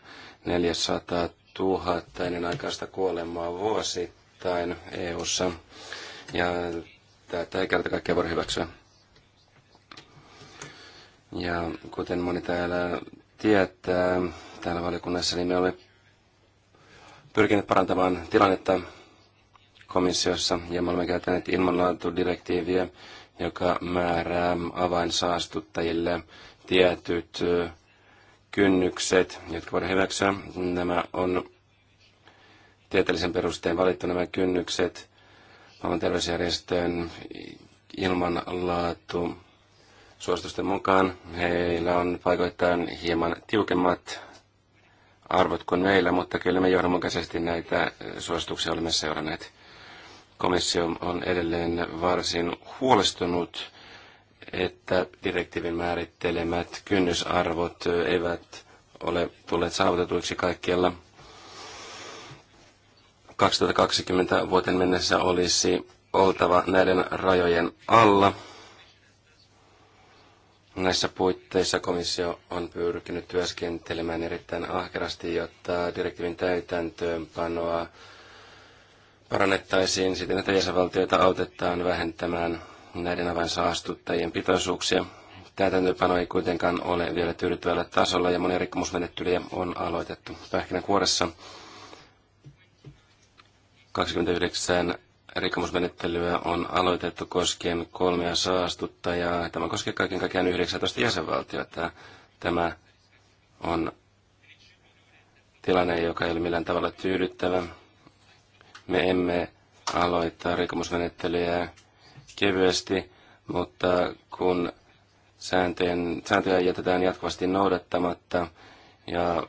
400 000 ennen aikaista kuolemaa vuosittain EU:ssa. Ja tämä ei kerta kaikkea voida hyväksyä. Ja kuten moni täällä tietää, täällä valiokunnassa niin me olemme pyrkineet parantamaan tilannetta komissiossa ja me olemme käyttäneet ilmanlaatudirektiiviä, joka määrää avainsaastuttajille tietyt kynnykset, jotka voidaan hyväksyä. Nämä on tieteellisen perusteen valittu nämä kynnykset maailman terveysjärjestön ilmanlaatu suositusten mukaan. Heillä on paikoittain hieman tiukemmat arvot kuin meillä, mutta kyllä me johdonmukaisesti näitä eh, suosituksia olemme seuranneet. Komissio on edelleen varsin huolestunut, että direktiivin määrittelemät kynnysarvot eh, eivät ole tulleet saavutetuiksi kaikkialla 2020 vuoteen mennessä olisi oltava näiden rajojen alla. Näissä puitteissa komissio on pyrkinyt työskentelemään erittäin ahkerasti, jotta direktiivin täytäntöönpanoa parannettaisiin siten, että jäsenvaltioita autetaan vähentämään näiden saastuttajien pitoisuuksia. Täytäntöönpano ei kuitenkaan ole vielä tyydyttävällä tasolla ja monia rikkomusmenettelyjä on aloitettu. Pähkinänkuoressa kuoressa 29 rikkomusmenettelyä on aloitettu koskien kolmea saastuttajaa. Tämä koskee kaiken kaikkiaan 19 jäsenvaltiota. Tämä on tilanne, joka ei ole millään tavalla tyydyttävä. Me emme aloittaa rikkomusmenettelyä kevyesti, mutta kun sääntöjen, sääntöjä jätetään jatkuvasti noudattamatta ja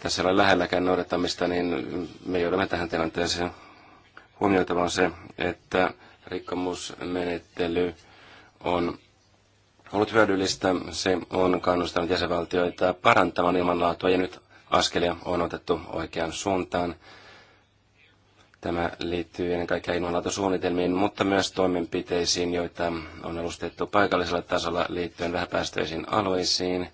tässä ole lähelläkään noudattamista, niin me joudumme tähän tilanteeseen. Huomioitava on se, että rikkomusmenettely on ollut hyödyllistä. Se on kannustanut jäsenvaltioita parantamaan ilmanlaatua ja nyt askelia on otettu oikeaan suuntaan. Tämä liittyy ennen kaikkea ilmanlaatusuunnitelmiin, mutta myös toimenpiteisiin, joita on alustettu paikallisella tasolla liittyen vähäpäästöisiin alueisiin,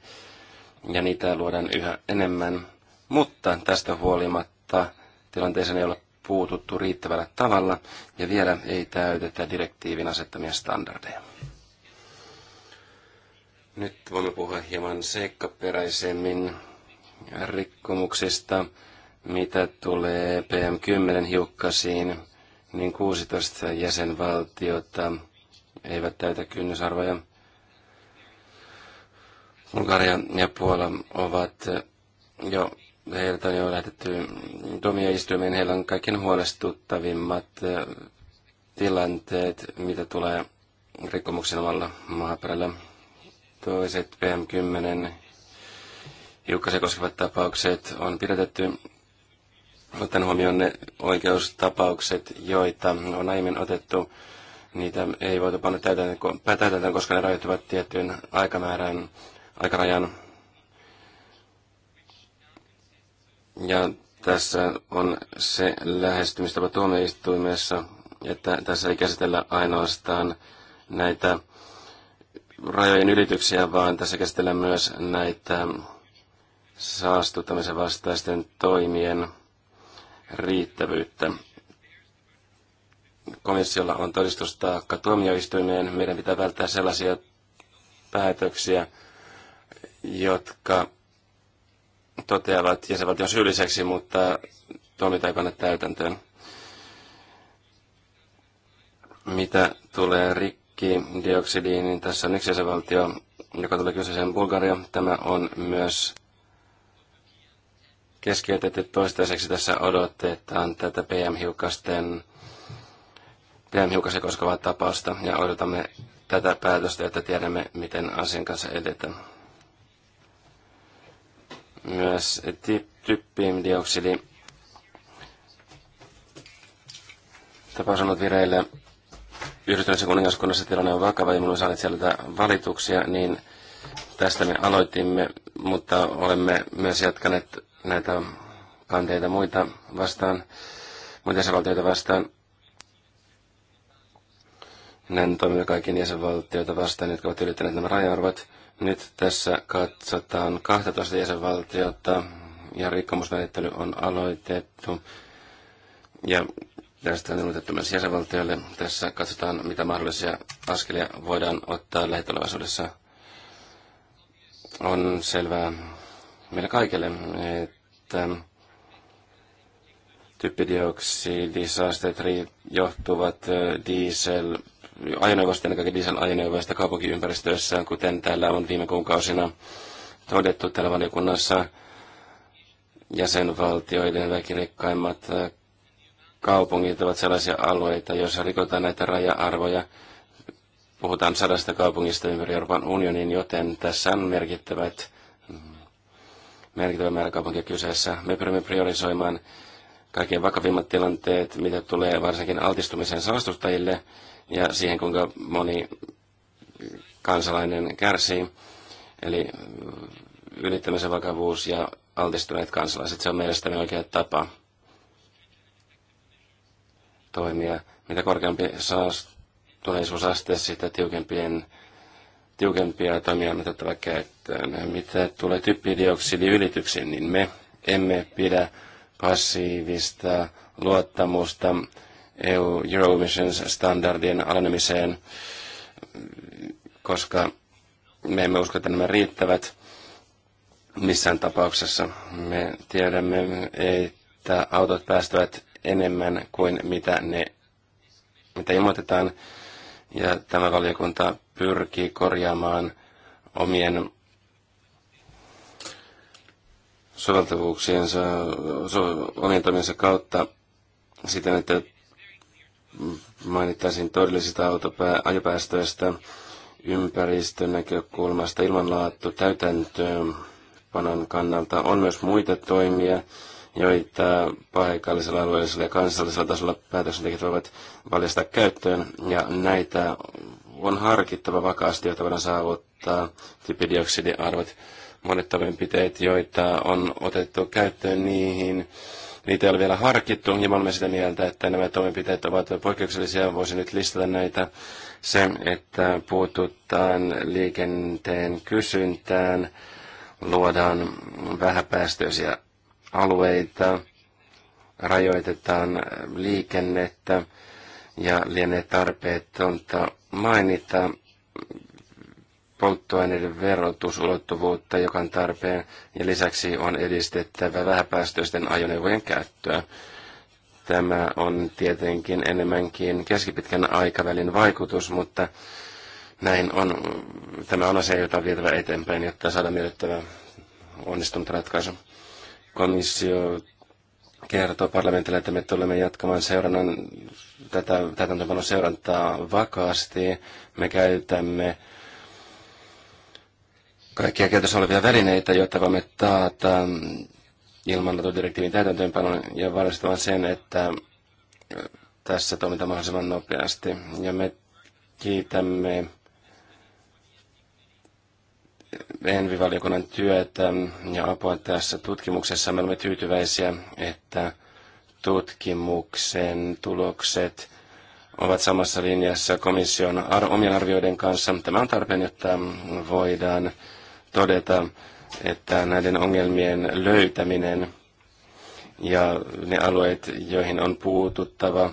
ja niitä luodaan yhä enemmän. Mutta tästä huolimatta tilanteeseen ei ole puututtu riittävällä tavalla ja vielä ei täytetä direktiivin asettamia standardeja. Nyt voimme puhua hieman seikkaperäisemmin rikkomuksista, mitä tulee PM10 hiukkasiin, niin 16 jäsenvaltiota eivät täytä kynnysarvoja. Bulgaria ja Puola ovat jo heiltä on jo lähetetty tuomioistuimeen. Heillä on kaikkein huolestuttavimmat tilanteet, mitä tulee rikkomuksen omalla maaperällä. Toiset PM10 hiukkasen koskevat tapaukset on pidätetty ottaen huomioon ne oikeustapaukset, joita on aiemmin otettu. Niitä ei voitu panna täytäntöön, koska ne rajoittuvat tiettyyn aikamäärään, aikarajan Ja tässä on se lähestymistapa tuomioistuimessa, että tässä ei käsitellä ainoastaan näitä rajojen ylityksiä, vaan tässä käsitellään myös näitä saastuttamisen vastaisten toimien riittävyyttä. Komissiolla on todistustaakka tuomioistuimeen. Meidän pitää välttää sellaisia päätöksiä, jotka toteavat jäsenvaltion syylliseksi, mutta tuomitaan ei täytäntöön. Mitä tulee dioksidiin, niin tässä on yksi jäsenvaltio, joka tulee kyseeseen Bulgaria. Tämä on myös keskeytetty toistaiseksi. Tässä odotetaan tätä PM-hiukkasten pm hiukasen koskevaa tapausta ja odotamme tätä päätöstä, että tiedämme, miten asian kanssa edetään. Myös typpidioksidi tapaus on ollut vireillä Yhdistyneessä kuningaskunnassa tilanne on vakava ja minulla saanut sieltä valituksia, niin tästä me aloitimme, mutta olemme myös jatkaneet näitä kanteita muita vastaan, muita jäsenvaltioita vastaan. Näin toimimme kaikkien jäsenvaltioita vastaan, jotka ovat ylittäneet nämä raja-arvot. Nyt tässä katsotaan 12 jäsenvaltiota ja rikkomusmenettely on aloitettu. Ja tästä on ilmoitettu myös jäsenvaltioille. Tässä katsotaan, mitä mahdollisia askelia voidaan ottaa lähitulevaisuudessa. On selvää meille kaikille, että typpidioksidisaasteet johtuvat diesel ajoneuvoista, ennen kaikkea diesel-ajoneuvoista kaupunkiympäristöissä, kuten täällä on viime kuukausina todettu täällä valiokunnassa jäsenvaltioiden väkirekkaimmat äh, kaupungit ovat sellaisia alueita, joissa rikotaan näitä raja-arvoja. Puhutaan sadasta kaupungista ympäri Euroopan unionin, joten tässä on merkittävät, merkittävä määrä kaupunkia kyseessä. Me pyrimme priorisoimaan kaikkein vakavimmat tilanteet, mitä tulee varsinkin altistumiseen saastuttajille, ja siihen, kuinka moni kansalainen kärsii. Eli ylittämisen vakavuus ja altistuneet kansalaiset, se on mielestäni oikea tapa toimia. Mitä korkeampi saastuneisuusaste, sitä tiukempien, tiukempia toimia on otettava käyttöön. Mitä tulee typpidioksidiylityksiin, niin me emme pidä passiivista luottamusta EU Eurovision-standardien alenemiseen, koska me emme usko, että nämä riittävät missään tapauksessa. Me tiedämme, että autot päästävät enemmän kuin mitä ne mitä ilmoitetaan, ja tämä valiokunta pyrkii korjaamaan omien soveltavuuksiensa, so, omien toimiensa kautta siten, että mainittaisin todellisista autopää- ajopäästöistä, ympäristönäkökulmasta, ilmanlaatu, täytäntöönpanon kannalta. On myös muita toimia, joita paikallisella, alueellisella ja kansallisella tasolla päätöksentekijät voivat valjastaa käyttöön, ja näitä on harkittava vakaasti, jotta voidaan saavuttaa typidioksidiarvot. Monet toimenpiteet, joita on otettu käyttöön niihin, Niitä ei ole vielä harkittu ja niin me olemme sitä mieltä, että nämä toimenpiteet ovat poikkeuksellisia. Voisin nyt listata näitä. Se, että puututaan liikenteen kysyntään, luodaan vähäpäästöisiä alueita, rajoitetaan liikennettä ja lienee tarpeetonta mainita polttoaineiden verotusulottuvuutta, joka on tarpeen, ja lisäksi on edistettävä vähäpäästöisten ajoneuvojen käyttöä. Tämä on tietenkin enemmänkin keskipitkän aikavälin vaikutus, mutta näin on, tämä on asia, jota on vietävä eteenpäin, jotta saadaan miellyttävä onnistunut ratkaisu. Komissio kertoo parlamentille, että me tulemme jatkamaan seurannan, tätä täytäntöönpanon seurantaa vakaasti. Me käytämme kaikkia käytössä olevia välineitä, jotta voimme taata ilmanlaatudirektiivin täytäntöönpanon ja varmistamaan sen, että tässä toimitaan mahdollisimman nopeasti. Ja me kiitämme Envivaliokunnan työtä ja apua tässä tutkimuksessa. Me olemme tyytyväisiä, että tutkimuksen tulokset ovat samassa linjassa komission ar- omien arvioiden kanssa. Tämä on tarpeen, jotta voidaan todeta, että näiden ongelmien löytäminen ja ne alueet, joihin on puututtava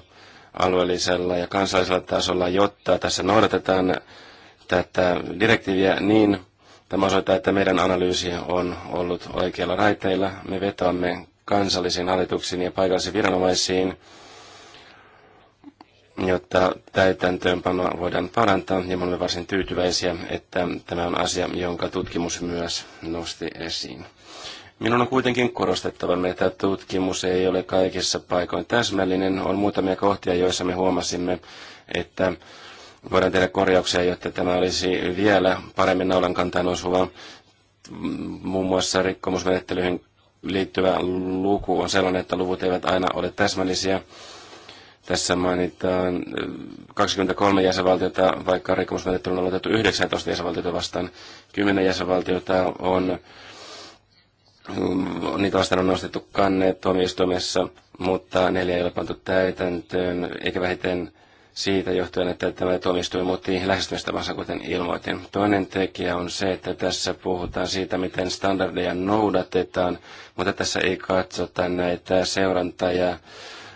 alueellisella ja kansallisella tasolla, jotta tässä noudatetaan tätä direktiiviä niin, Tämä osoittaa, että meidän analyysi on ollut oikeilla raiteilla. Me vetoamme kansallisiin hallituksiin ja paikallisiin viranomaisiin jotta täytäntöönpanoa voidaan parantaa, ja olemme varsin tyytyväisiä, että tämä on asia, jonka tutkimus myös nosti esiin. Minun on kuitenkin korostettava, että tutkimus ei ole kaikissa paikoin täsmällinen. On muutamia kohtia, joissa me huomasimme, että voidaan tehdä korjauksia, jotta tämä olisi vielä paremmin naulan kantaan osuva. Muun muassa rikkomusmenettelyihin liittyvä luku on sellainen, että luvut eivät aina ole täsmällisiä. Tässä mainitaan 23 jäsenvaltiota, vaikka rikkomusmenettely on aloitettu 19 jäsenvaltiota vastaan. 10 jäsenvaltiota on, mm, niitä vastaan on nostettu kanne tuomioistuimessa, mutta neljä ei ole pantu täytäntöön, eikä vähiten siitä johtuen, että tämä tuomioistuin muutti lähestymistavansa, kuten ilmoitin. Toinen tekijä on se, että tässä puhutaan siitä, miten standardeja noudatetaan, mutta tässä ei katsota näitä seurantajia ja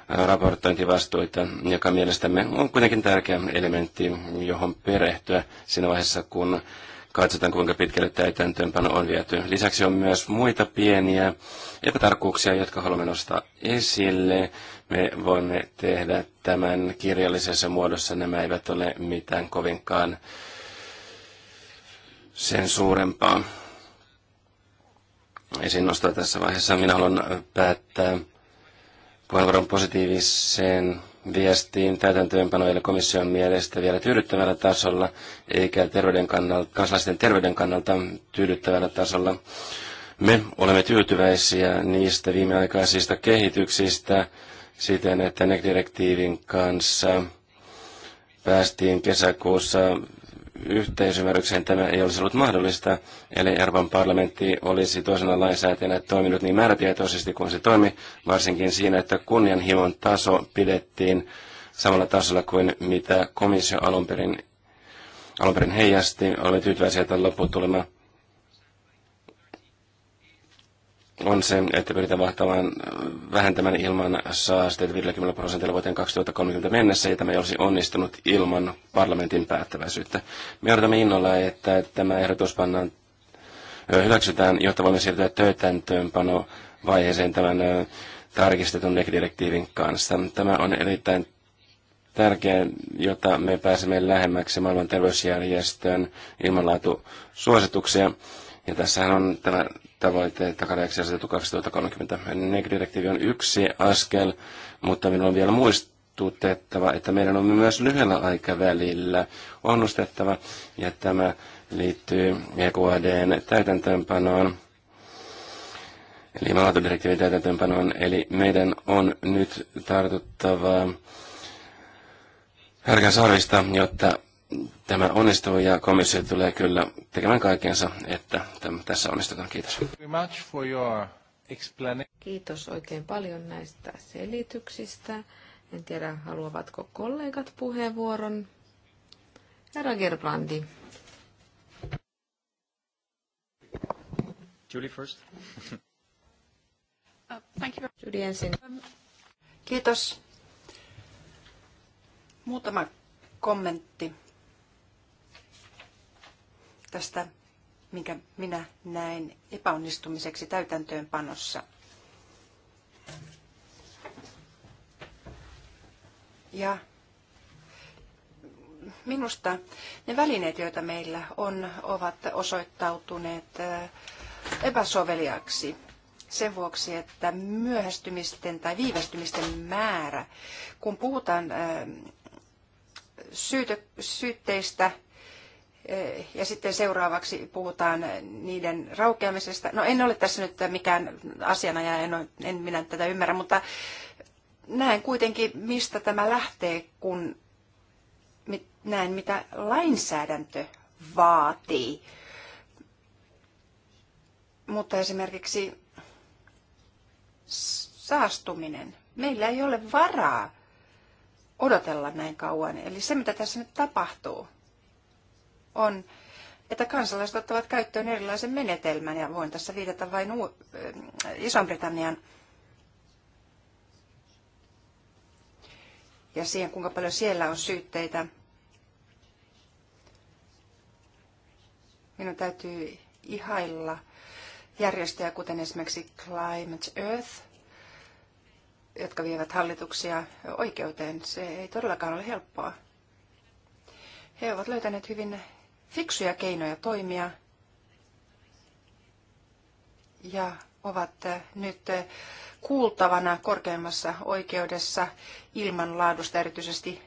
raportointivastuita, joka mielestämme on kuitenkin tärkeä elementti, johon perehtyä siinä vaiheessa, kun katsotaan, kuinka pitkälle täytäntöönpano on viety. Lisäksi on myös muita pieniä epätarkkuuksia, jotka haluamme nostaa esille. Me voimme tehdä tämän kirjallisessa muodossa. Nämä eivät ole mitään kovinkaan sen suurempaa esiin nostaa tässä vaiheessa. Minä haluan päättää puheenvuoron positiiviseen viestiin täytäntöönpanoille komission mielestä vielä tyydyttävällä tasolla, eikä terveyden kannalta, kansalaisten terveyden kannalta tyydyttävällä tasolla. Me olemme tyytyväisiä niistä viimeaikaisista kehityksistä siten, että NEC-direktiivin kanssa päästiin kesäkuussa yhteisymmärrykseen tämä ei olisi ollut mahdollista, eli Euroopan parlamentti olisi toisena lainsäätäjänä toiminut niin määrätietoisesti kuin se toimi, varsinkin siinä, että kunnianhimon taso pidettiin samalla tasolla kuin mitä komissio alun perin, alun perin heijasti. Olemme tyytyväisiä, tämän lopputulemaan. on se, että pyritään vahtamaan, vähentämään ilman saasteita 50 prosentilla vuoteen 2030 mennessä, ja tämä ei olisi onnistunut ilman parlamentin päättäväisyyttä. Me odotamme innolla, että tämä ehdotus pannaan, hyväksytään, jotta voimme siirtyä töitäntöönpano vaiheeseen tämän tarkistetun direktiivin kanssa. Tämä on erittäin tärkeää, jotta me pääsemme lähemmäksi maailman terveysjärjestön ilmanlaatusuosituksia. Ja tässähän on tämä tavoite takarajaksi asetettu 2030. NEC-direktiivi on yksi askel, mutta minun on vielä muistutettava, että meidän on myös lyhyellä aikavälillä onnustettava, ja tämä liittyy EQADn täytäntöönpanoon, eli maatudirektiivin täytäntöönpanoon, eli meidän on nyt tartuttava härkän sarvista, jotta tämä onnistuu ja komissio tulee kyllä tekemään kaikensa, että tässä onnistutaan. Kiitos. Kiitos oikein paljon näistä selityksistä. En tiedä, haluavatko kollegat puheenvuoron. Herra Gerbrandi. Julie first. uh, thank you. Julie ensin. Um, Kiitos. Muutama kommentti tästä, minkä minä näen epäonnistumiseksi täytäntöönpanossa. Ja minusta ne välineet, joita meillä on, ovat osoittautuneet epäsoveliaksi sen vuoksi, että myöhästymisten tai viivästymisten määrä, kun puhutaan syytteistä ja sitten seuraavaksi puhutaan niiden raukeamisesta. No en ole tässä nyt mikään asianajaja, en, en minä tätä ymmärrä, mutta näen kuitenkin, mistä tämä lähtee, kun näen, mitä lainsäädäntö vaatii. Mutta esimerkiksi saastuminen. Meillä ei ole varaa odotella näin kauan. Eli se, mitä tässä nyt tapahtuu, on, että kansalaiset ottavat käyttöön erilaisen menetelmän, ja voin tässä viitata vain eh, Iso-Britannian ja siihen, kuinka paljon siellä on syytteitä. Minun täytyy ihailla järjestöjä, kuten esimerkiksi Climate Earth, jotka vievät hallituksia oikeuteen. Se ei todellakaan ole helppoa. He ovat löytäneet hyvin fiksuja keinoja toimia ja ovat eh, nyt eh, kuultavana korkeimmassa oikeudessa ilmanlaadusta, erityisesti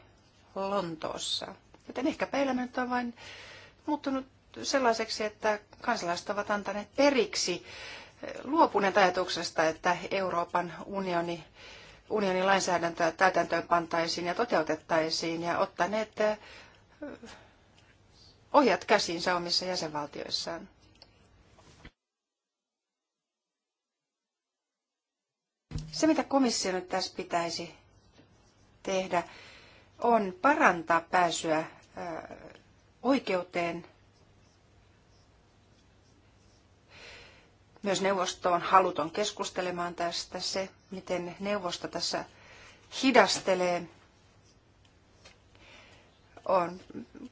Lontoossa. Joten ehkäpä elämä on vain muuttunut sellaiseksi, että kansalaiset ovat antaneet periksi eh, luopuneet ajatuksesta, että Euroopan unioni, unionin lainsäädäntöä täytäntöön pantaisiin ja toteutettaisiin ja ottaneet ohjat käsiinsä omissa jäsenvaltioissaan. Se, mitä komissio nyt tässä pitäisi tehdä, on parantaa pääsyä oikeuteen Myös neuvosto on haluton keskustelemaan tästä se, miten neuvosto tässä hidastelee on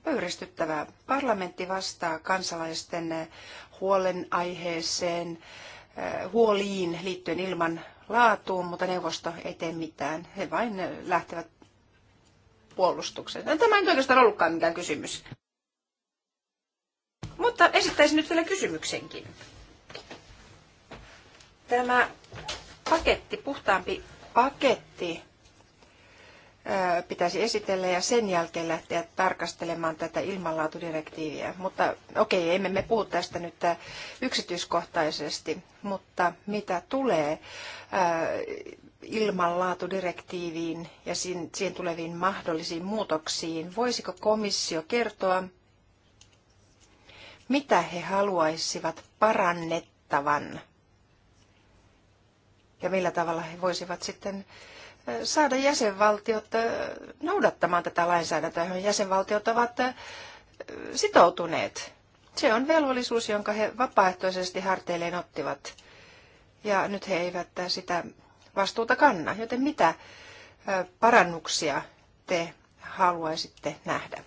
pöyristyttävää. Parlamentti vastaa kansalaisten huolenaiheeseen, eh, huoliin liittyen ilman laatuun, mutta neuvosto ei tee mitään. He vain lähtevät puolustukseen. No, tämä ei oikeastaan ollutkaan mikään kysymys. Mutta esittäisin nyt vielä kysymyksenkin. Tämä paketti, puhtaampi paketti, pitäisi esitellä ja sen jälkeen lähteä tarkastelemaan tätä ilmanlaatudirektiiviä. Mutta okei, okay, emme me puhu tästä nyt äh, yksityiskohtaisesti, mutta mitä tulee äh, ilmanlaatudirektiiviin ja siihen tuleviin mahdollisiin muutoksiin, voisiko komissio kertoa, mitä he haluaisivat parannettavan ja millä tavalla he voisivat sitten äh, saada jäsenvaltiot noudattamaan tätä lainsäädäntöä, johon jäsenvaltiot ovat sitoutuneet. Se on velvollisuus, jonka he vapaaehtoisesti harteilleen ottivat. Ja nyt he eivät sitä vastuuta kanna. Joten mitä parannuksia te haluaisitte nähdä?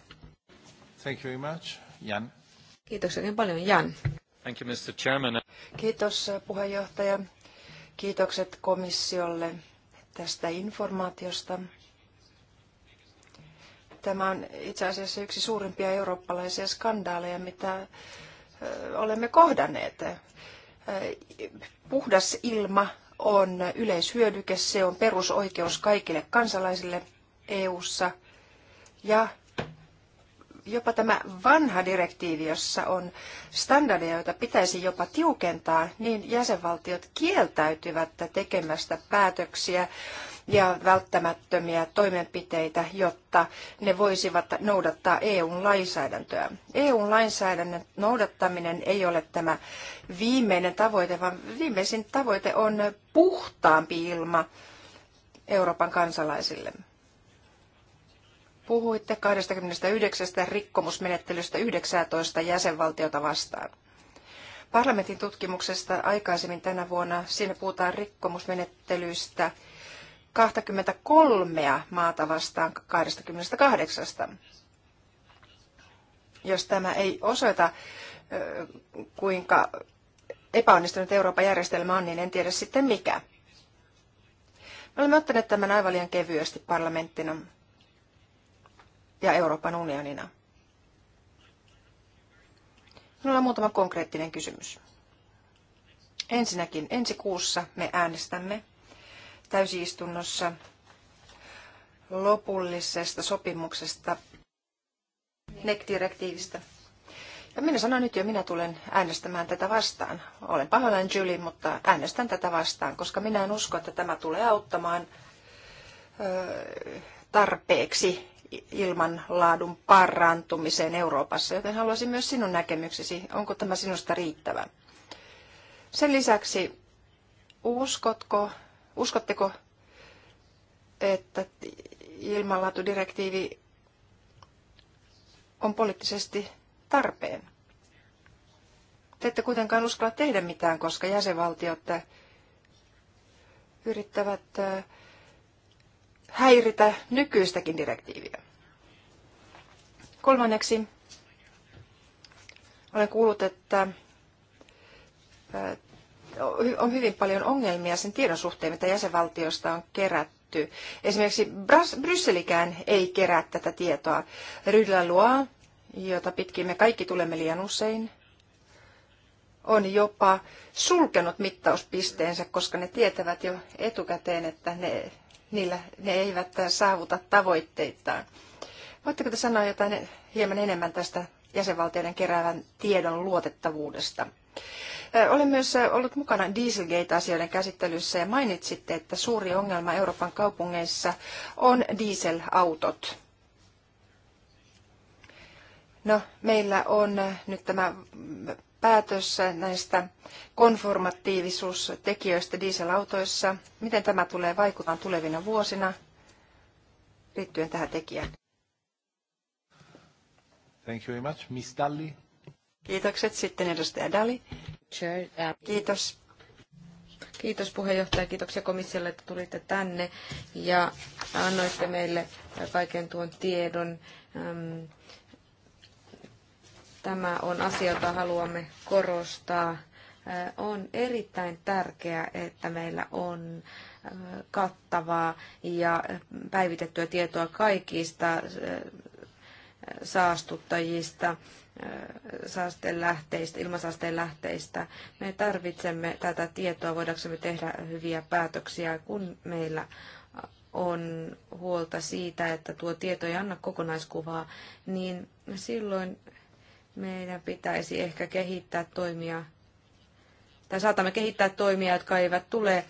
Thank you very much. Jan. Kiitos oikein paljon, Jan. Thank you, Mr. Chairman. Kiitos puheenjohtaja. Kiitokset komissiolle tästä informaatiosta. Tämä on itse asiassa yksi suurimpia eurooppalaisia skandaaleja, mitä olemme kohdanneet. Puhdas ilma on yleishyödyke, se on perusoikeus kaikille kansalaisille EU:ssa ja jopa tämä vanha direktiivi, jossa on standardeja, joita pitäisi jopa tiukentaa, niin jäsenvaltiot kieltäytyvät tekemästä päätöksiä ja välttämättömiä toimenpiteitä, jotta ne voisivat noudattaa EU-lainsäädäntöä. EU-lainsäädännön noudattaminen ei ole tämä viimeinen tavoite, vaan viimeisin tavoite on puhtaampi ilma Euroopan kansalaisille puhuitte 29 rikkomusmenettelystä 19 jäsenvaltiota vastaan. Parlamentin tutkimuksesta aikaisemmin tänä vuonna siinä puhutaan rikkomusmenettelyistä 23 maata vastaan 28. Jos tämä ei osoita, kuinka epäonnistunut Euroopan järjestelmä on, niin en tiedä sitten mikä. Me olemme ottaneet tämän aivan liian kevyesti parlamenttina ja Euroopan unionina. Minulla on muutama konkreettinen kysymys. Ensinnäkin ensi kuussa me äänestämme täysistunnossa lopullisesta sopimuksesta NEC-direktiivistä. Ja minä sanon nyt jo, minä tulen äänestämään tätä vastaan. Olen pahoillani Julie, mutta äänestän tätä vastaan, koska minä en usko, että tämä tulee auttamaan tarpeeksi ilmanlaadun parantumiseen Euroopassa, joten haluaisin myös sinun näkemyksesi, onko tämä sinusta riittävä. Sen lisäksi, uskotko, uskotteko, että ilmanlaatudirektiivi on poliittisesti tarpeen? Te ette kuitenkaan uskalla tehdä mitään, koska jäsenvaltiot yrittävät äh, häiritä nykyistäkin direktiiviä. Kolmanneksi olen kuullut, että on hyvin paljon ongelmia sen tiedon suhteen, mitä jäsenvaltioista on kerätty. Esimerkiksi Brysselikään ei kerää tätä tietoa. Rydla Lua, jota pitkin me kaikki tulemme liian usein, on jopa sulkenut mittauspisteensä, koska ne tietävät jo etukäteen, että ne niillä ne eivät saavuta tavoitteitaan. Voitteko te sanoa jotain hieman enemmän tästä jäsenvaltioiden keräävän tiedon luotettavuudesta? Olen myös ollut mukana Dieselgate-asioiden käsittelyssä ja mainitsitte, että suuri ongelma Euroopan kaupungeissa on dieselautot. No, meillä on nyt tämä päätös näistä konformatiivisuustekijöistä dieselautoissa. Miten tämä tulee vaikuttamaan tulevina vuosina liittyen tähän tekijään? Thank you very much. Miss Dalli. Kiitokset. Sitten edustaja Dali. Um, Kiitos. Kiitos puheenjohtaja, kiitoksia komissiolle, että tulitte tänne ja annoitte meille kaiken tuon tiedon um, tämä on asia, jota haluamme korostaa. On erittäin tärkeää, että meillä on kattavaa ja päivitettyä tietoa kaikista saastuttajista, saasteen lähteistä, ilmasaasteen lähteistä. Me tarvitsemme tätä tietoa, voidaksemme tehdä hyviä päätöksiä, kun meillä on huolta siitä, että tuo tieto ei anna kokonaiskuvaa, niin silloin meidän pitäisi ehkä kehittää toimia, tai saatamme kehittää toimia, jotka eivät tule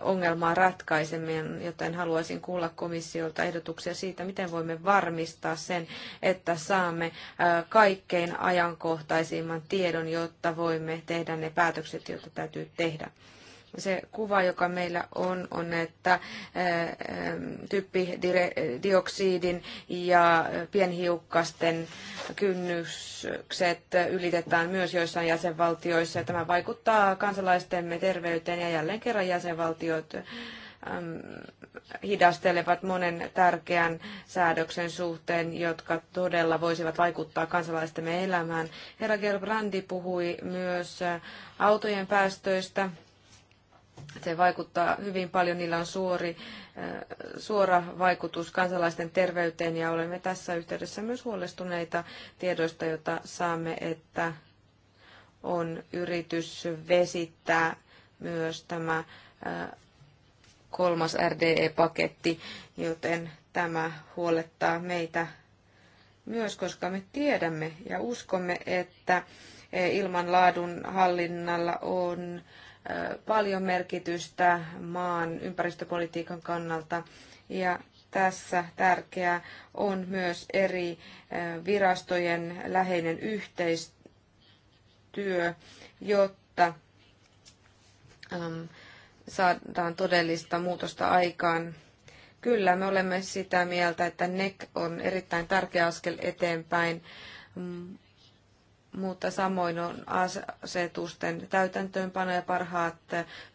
ongelmaa ratkaiseminen, joten haluaisin kuulla komissiolta ehdotuksia siitä, miten voimme varmistaa sen, että saamme kaikkein ajankohtaisimman tiedon, jotta voimme tehdä ne päätökset, joita täytyy tehdä. Se kuva, joka meillä on, on, että äh, äh, typpidioksidin ja pienhiukkasten kynnykset ylitetään myös joissain jäsenvaltioissa. Tämä vaikuttaa kansalaistemme terveyteen ja jälleen kerran jäsenvaltiot ähm, hidastelevat monen tärkeän säädöksen suhteen, jotka todella voisivat vaikuttaa kansalaistemme elämään. Herra Gerbrandi puhui myös autojen päästöistä. Se vaikuttaa hyvin paljon, niillä on suori, äh, suora vaikutus kansalaisten terveyteen ja olemme tässä yhteydessä myös huolestuneita tiedoista, joita saamme, että on yritys vesittää myös tämä äh, kolmas RDE-paketti, joten tämä huolettaa meitä myös, koska me tiedämme ja uskomme, että äh, ilmanlaadun hallinnalla on paljon merkitystä maan ympäristöpolitiikan kannalta. Ja tässä tärkeää on myös eri virastojen läheinen yhteistyö, jotta saadaan todellista muutosta aikaan. Kyllä, me olemme sitä mieltä, että NEC on erittäin tärkeä askel eteenpäin, mm, mutta samoin on asetusten täytäntöönpano ja parhaat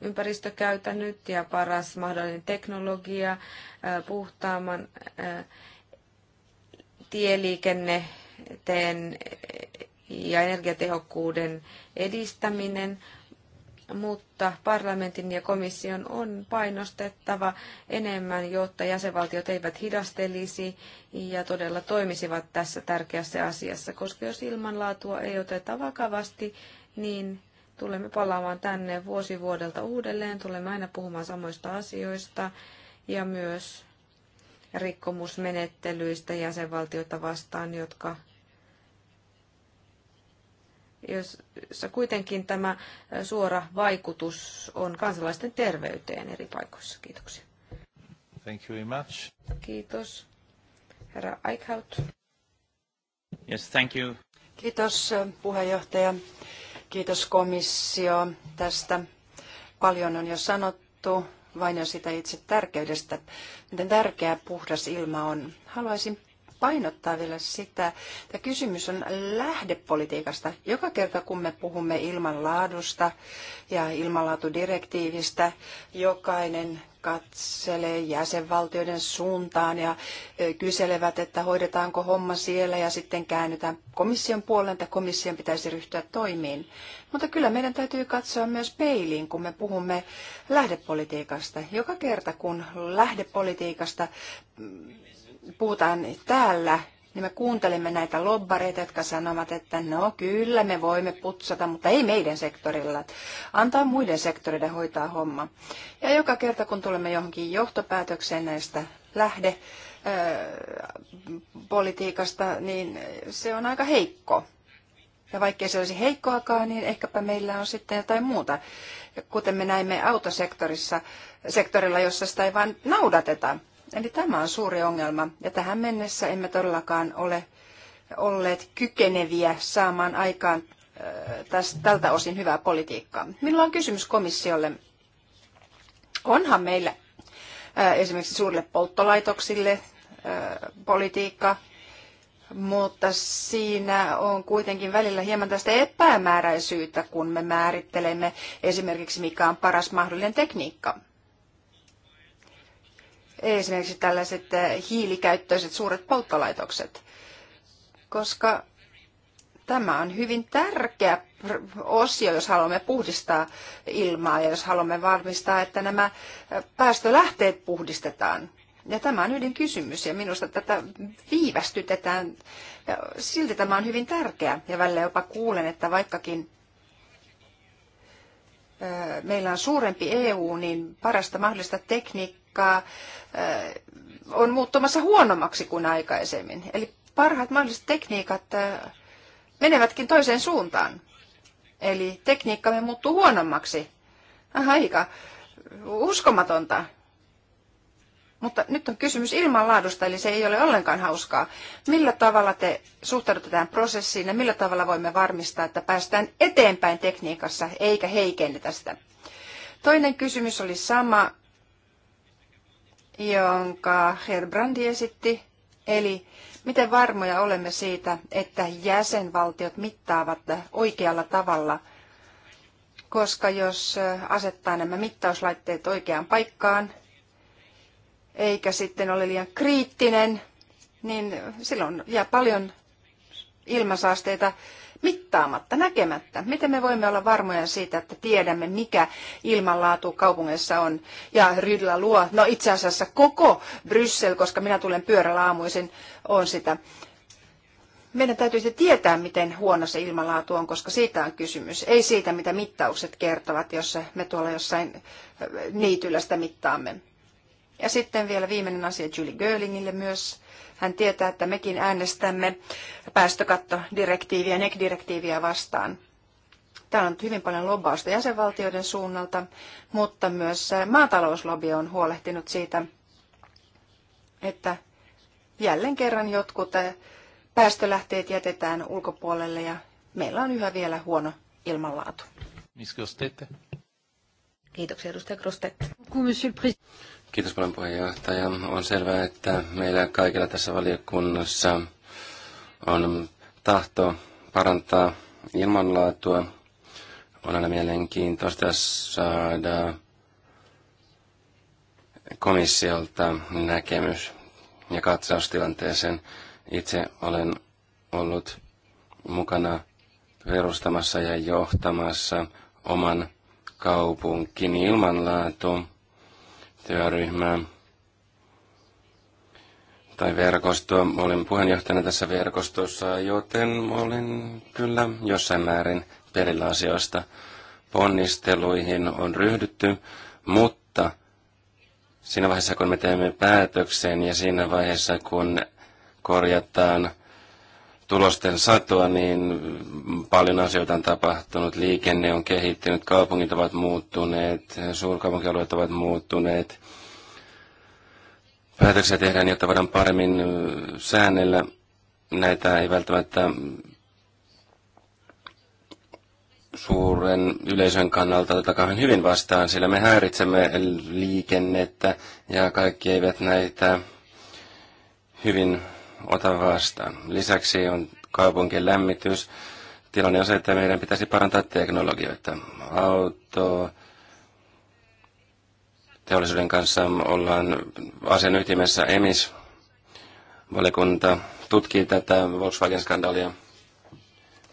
ympäristökäytännöt ja paras mahdollinen teknologia, puhtaamman tieliikenneteen ja energiatehokkuuden edistäminen mutta parlamentin ja komission on painostettava enemmän, jotta jäsenvaltiot eivät hidastelisi ja todella toimisivat tässä tärkeässä asiassa, koska jos ilmanlaatua ei oteta vakavasti, niin tulemme palaamaan tänne vuosi vuodelta uudelleen, tulemme aina puhumaan samoista asioista ja myös rikkomusmenettelyistä jäsenvaltioita vastaan, jotka jossa kuitenkin tämä suora vaikutus on kansalaisten terveyteen eri paikoissa. Kiitoksia. Thank you very much. Kiitos. Herra Eichhout. Yes, thank you. Kiitos puheenjohtaja. Kiitos komissio tästä. Paljon on jo sanottu, vain jo sitä itse tärkeydestä, miten tärkeä puhdas ilma on. Haluaisin painottaa vielä sitä, että kysymys on lähdepolitiikasta. Joka kerta kun me puhumme ilmanlaadusta ja ilmanlaatudirektiivistä, jokainen katselee jäsenvaltioiden suuntaan ja kyselevät, että hoidetaanko homma siellä ja sitten käännytään komission puolelle, että komission pitäisi ryhtyä toimiin. Mutta kyllä meidän täytyy katsoa myös peiliin, kun me puhumme lähdepolitiikasta. Joka kerta kun lähdepolitiikasta mm, puhutaan täällä, niin me kuuntelemme näitä lobbareita, jotka sanovat, että no kyllä me voimme putsata, mutta ei meidän sektorilla. Antaa muiden sektoreiden hoitaa homma. Ja joka kerta kun tulemme johonkin johtopäätökseen näistä lähdepolitiikasta, niin se on aika heikko. Ja vaikkei se olisi heikkoakaan, niin ehkäpä meillä on sitten jotain muuta. Kuten me näimme autosektorissa, sektorilla, jossa sitä ei vain naudateta. Eli tämä on suuri ongelma ja tähän mennessä emme todellakaan ole olleet kykeneviä saamaan aikaan tästä, tältä osin hyvää politiikkaa. Minulla on kysymys komissiolle. Onhan meillä esimerkiksi suurille polttolaitoksille politiikka, mutta siinä on kuitenkin välillä hieman tästä epämääräisyyttä, kun me määrittelemme esimerkiksi mikä on paras mahdollinen tekniikka esimerkiksi tällaiset eh, hiilikäyttöiset suuret polttolaitokset, koska tämä on hyvin tärkeä osio, jos haluamme puhdistaa ilmaa ja jos haluamme varmistaa, että nämä eh, päästölähteet puhdistetaan. Ja tämä on ydinkysymys ja minusta tätä viivästytetään. Ja silti tämä on hyvin tärkeä ja välillä jopa kuulen, että vaikkakin eh, meillä on suurempi EU, niin parasta mahdollista tekniikkaa joka on muuttumassa huonommaksi kuin aikaisemmin. Eli parhaat mahdolliset tekniikat menevätkin toiseen suuntaan. Eli tekniikkamme muuttuu huonommaksi. Aha, aika uskomatonta. Mutta nyt on kysymys ilmanlaadusta, eli se ei ole ollenkaan hauskaa. Millä tavalla te suhtaudutte tähän prosessiin ja millä tavalla voimme varmistaa, että päästään eteenpäin tekniikassa eikä heikennetä sitä? Toinen kysymys oli sama jonka Herbrandi esitti, eli miten varmoja olemme siitä, että jäsenvaltiot mittaavat oikealla tavalla, koska jos asettaa nämä mittauslaitteet oikeaan paikkaan, eikä sitten ole liian kriittinen, niin silloin jää paljon ilmasaasteita mittaamatta, näkemättä. Miten me voimme olla varmoja siitä, että tiedämme, mikä ilmanlaatu kaupungeissa on ja Rydla luo, no itse asiassa koko Bryssel, koska minä tulen pyörällä aamuisin, on sitä. Meidän täytyisi tietää, miten huono se ilmanlaatu on, koska siitä on kysymys. Ei siitä, mitä mittaukset kertovat, jos me tuolla jossain niityllä sitä mittaamme. Ja sitten vielä viimeinen asia Julie Görlingille myös. Hän tietää, että mekin äänestämme päästökattodirektiiviä, NEC-direktiiviä vastaan. Täällä on hyvin paljon lobbausta jäsenvaltioiden suunnalta, mutta myös maatalouslobby on huolehtinut siitä, että jälleen kerran jotkut päästölähteet jätetään ulkopuolelle ja meillä on yhä vielä huono ilmanlaatu. Kiitoksia, edustaja Grostet. Kiitos paljon puheenjohtaja. On selvää, että meillä kaikilla tässä valiokunnassa on tahto parantaa ilmanlaatua. On aina mielenkiintoista saada komissiolta näkemys ja katsaustilanteeseen. Itse olen ollut mukana perustamassa ja johtamassa oman kaupunkini ilmanlaatuun työryhmää tai verkostoa. Olin puheenjohtajana tässä verkostossa, joten olin kyllä jossain määrin perillä asioista. Ponnisteluihin on ryhdytty, mutta siinä vaiheessa kun me teemme päätöksen ja siinä vaiheessa kun korjataan tulosten satoa, niin paljon asioita on tapahtunut. Liikenne on kehittynyt, kaupungit ovat muuttuneet, suurkaupunkialueet ovat muuttuneet. Päätöksiä tehdään, jotta voidaan paremmin säännellä. Näitä ei välttämättä suuren yleisön kannalta tätä hyvin vastaan, sillä me häiritsemme liikennettä ja kaikki eivät näitä hyvin ota vastaan. Lisäksi on kaupunkien lämmitys. Tilanne on se, että meidän pitäisi parantaa teknologioita. Auto, teollisuuden kanssa ollaan asian ytimessä emis. Valikunta tutkii tätä Volkswagen-skandaalia.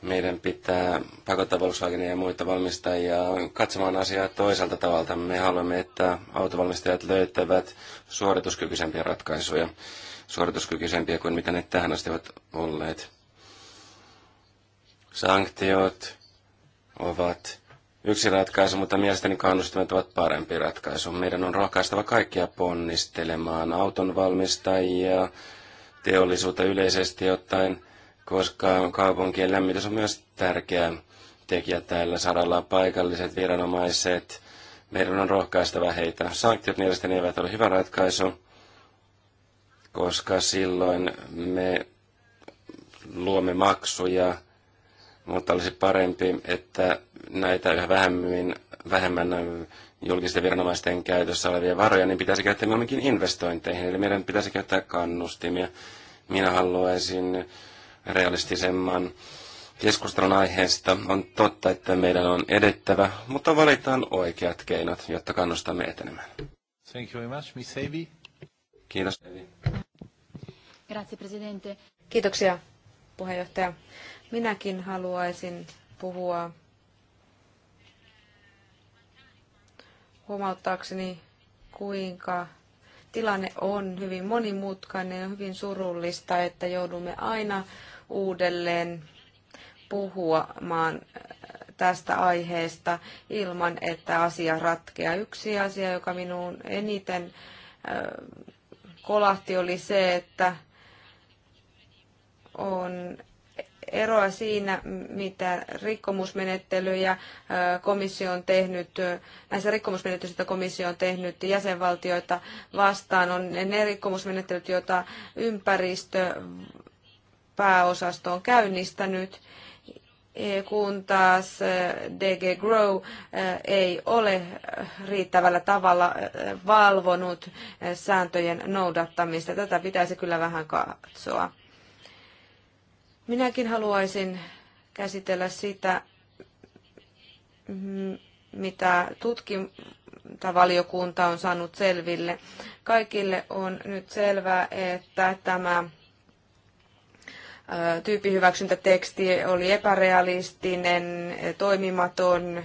Meidän pitää pakottaa Volkswagenia ja muita valmistajia katsomaan asiaa toiselta tavalta. Me haluamme, että autovalmistajat löytävät suorituskykyisempiä ratkaisuja suorituskykyisempiä kuin mitä ne tähän asti ovat olleet. Sanktiot ovat yksi ratkaisu, mutta mielestäni kannustimet ovat parempi ratkaisu. Meidän on rohkaistava kaikkia ponnistelemaan auton valmistajia, teollisuutta yleisesti ottaen, koska kaupunkien lämmitys on myös tärkeä tekijä tällä saralla, paikalliset viranomaiset. Meidän on rohkaistava heitä. Sanktiot mielestäni eivät ole hyvä ratkaisu koska silloin me luomme maksuja, mutta olisi parempi, että näitä yhä vähemmän, vähemmän julkisten viranomaisten käytössä olevia varoja, niin pitäisi käyttää mieluummin investointeihin. Eli meidän pitäisi käyttää kannustimia. Minä haluaisin realistisemman keskustelun aiheesta. On totta, että meidän on edettävä, mutta valitaan oikeat keinot, jotta kannustamme etenemään. Thank you very much, Miss Kiitos Kiitoksia puheenjohtaja. Minäkin haluaisin puhua huomauttaakseni, kuinka tilanne on hyvin monimutkainen ja hyvin surullista, että joudumme aina uudelleen puhumaan äh, tästä aiheesta ilman, että asia ratkeaa. Yksi asia, joka minun eniten äh, kolahti, oli se, että on eroa siinä, mitä rikkomusmenettelyjä komissio on tehnyt, näissä joita komissio on tehnyt jäsenvaltioita vastaan, on ne rikkomusmenettelyt, joita ympäristö pääosasto on käynnistänyt, kun taas eh, DG Grow eh, ei ole eh, riittävällä tavalla valvonut sääntöjen noudattamista. Tätä pitäisi kyllä vähän katsoa. Minäkin haluaisin käsitellä sitä, mitä tutkintavaliokunta on saanut selville. Kaikille on nyt selvää, että tämä Tyyppihyväksyntäteksti oli epärealistinen, toimimaton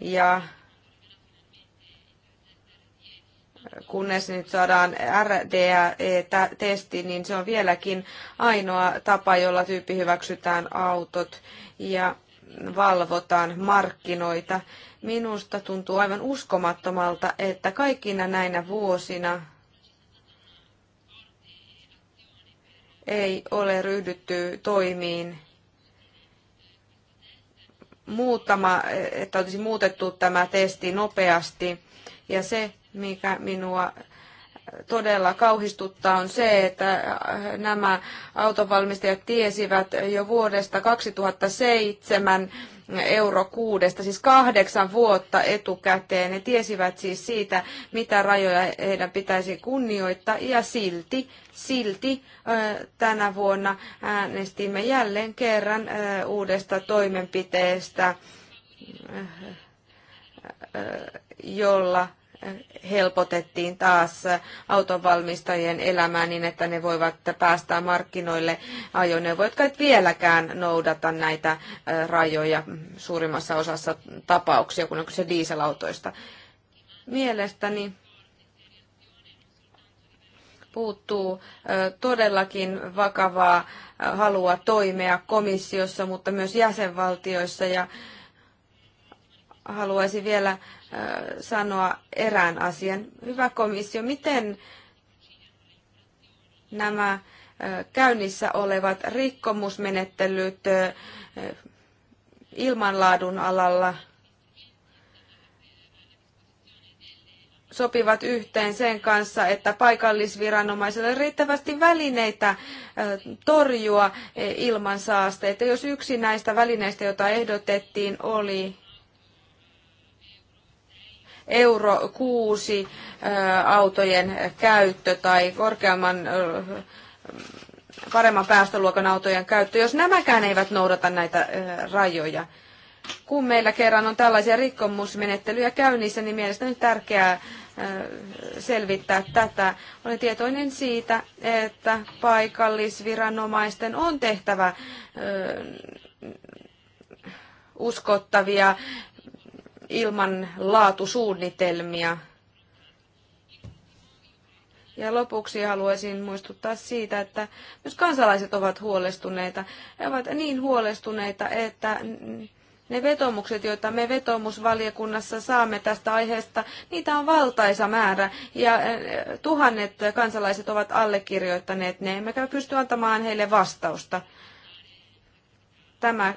ja kunnes nyt saadaan RDE-testi, niin se on vieläkin ainoa tapa, jolla tyyppi hyväksytään autot ja valvotaan markkinoita. Minusta tuntuu aivan uskomattomalta, että kaikkina näinä vuosina ei ole ryhdytty toimiin muuttama, että olisi muutettu tämä testi nopeasti. Ja se, mikä minua todella kauhistuttaa, on se, että nämä autovalmistajat tiesivät jo vuodesta 2007, euro kuudesta, siis kahdeksan vuotta etukäteen. Ne tiesivät siis siitä, mitä rajoja heidän pitäisi kunnioittaa ja silti, silti tänä vuonna äänestimme jälleen kerran uudesta toimenpiteestä, jolla helpotettiin taas autonvalmistajien elämää niin, että ne voivat päästää markkinoille ajoneuvoja, jotka eivät vieläkään noudata näitä rajoja suurimmassa osassa tapauksia, kun on kyse dieselautoista. Mielestäni puuttuu todellakin vakavaa halua toimia komissiossa, mutta myös jäsenvaltioissa ja jäsenvaltioissa haluaisin vielä äh, sanoa erään asian. Hyvä komissio, miten nämä äh, käynnissä olevat rikkomusmenettelyt äh, ilmanlaadun alalla sopivat yhteen sen kanssa, että paikallisviranomaisille on riittävästi välineitä torjua ilmansaasteita. Jos yksi näistä välineistä, joita ehdotettiin, oli euro 6 autojen käyttö tai korkeamman paremman päästöluokan autojen käyttö, jos nämäkään eivät noudata näitä rajoja. Kun meillä kerran on tällaisia rikkomusmenettelyjä käynnissä, niin mielestäni on tärkeää selvittää tätä. Olen tietoinen siitä, että paikallisviranomaisten on tehtävä uskottavia ilman laatusuunnitelmia. Ja lopuksi haluaisin muistuttaa siitä, että myös kansalaiset ovat huolestuneita. He ovat niin huolestuneita, että ne vetomukset, joita me vetomusvaliokunnassa saamme tästä aiheesta, niitä on valtaisa määrä ja eh, tuhannet kansalaiset ovat allekirjoittaneet ne, emmekä pysty antamaan heille vastausta. Tämä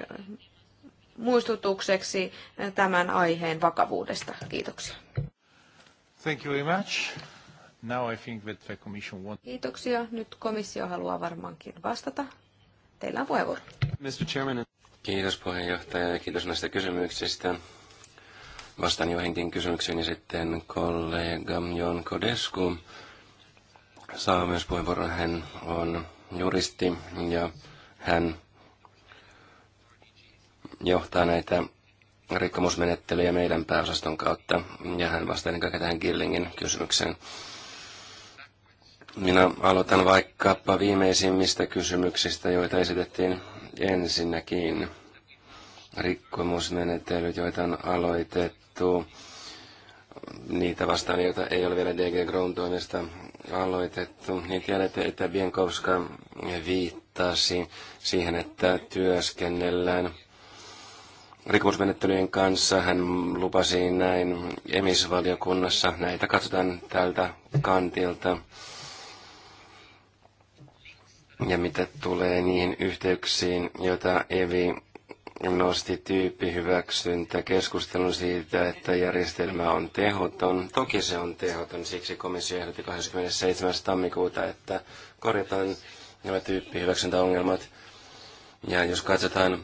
muistutukseksi tämän aiheen vakavuudesta. Kiitoksia. Thank you very much. Now I think that the commission Kiitoksia. Nyt komissio haluaa varmaankin vastata. Teillä on puheenvuoro. Mr. Chairman. Kiitos puheenjohtaja ja kiitos näistä kysymyksistä. Vastaan joihinkin kysymyksiin ja sitten kollega Jon Kodesku saa myös puheenvuoron. Hän on juristi ja hän johtaa näitä rikkomusmenettelyjä meidän pääosaston kautta, ja hän vastaa ennen kaikkea tähän Gillingin kysymykseen. Minä aloitan vaikkapa viimeisimmistä kysymyksistä, joita esitettiin ensinnäkin. Rikkomusmenettelyt, joita on aloitettu, niitä vastaan, joita ei ole vielä DG Grown toimesta aloitettu, niin tiedätte, että Bienkowska viittasi siihen, että työskennellään – rikosmenettelyjen kanssa. Hän lupasi näin emisvaliokunnassa. Näitä katsotaan tältä kantilta. Ja mitä tulee niihin yhteyksiin, joita Evi nosti tyyppihyväksyntä keskustelun siitä, että järjestelmä on tehoton. Toki se on tehoton, siksi komissio ehdotti 27. tammikuuta, että korjataan nämä tyyppihyväksyntäongelmat. Ja jos katsotaan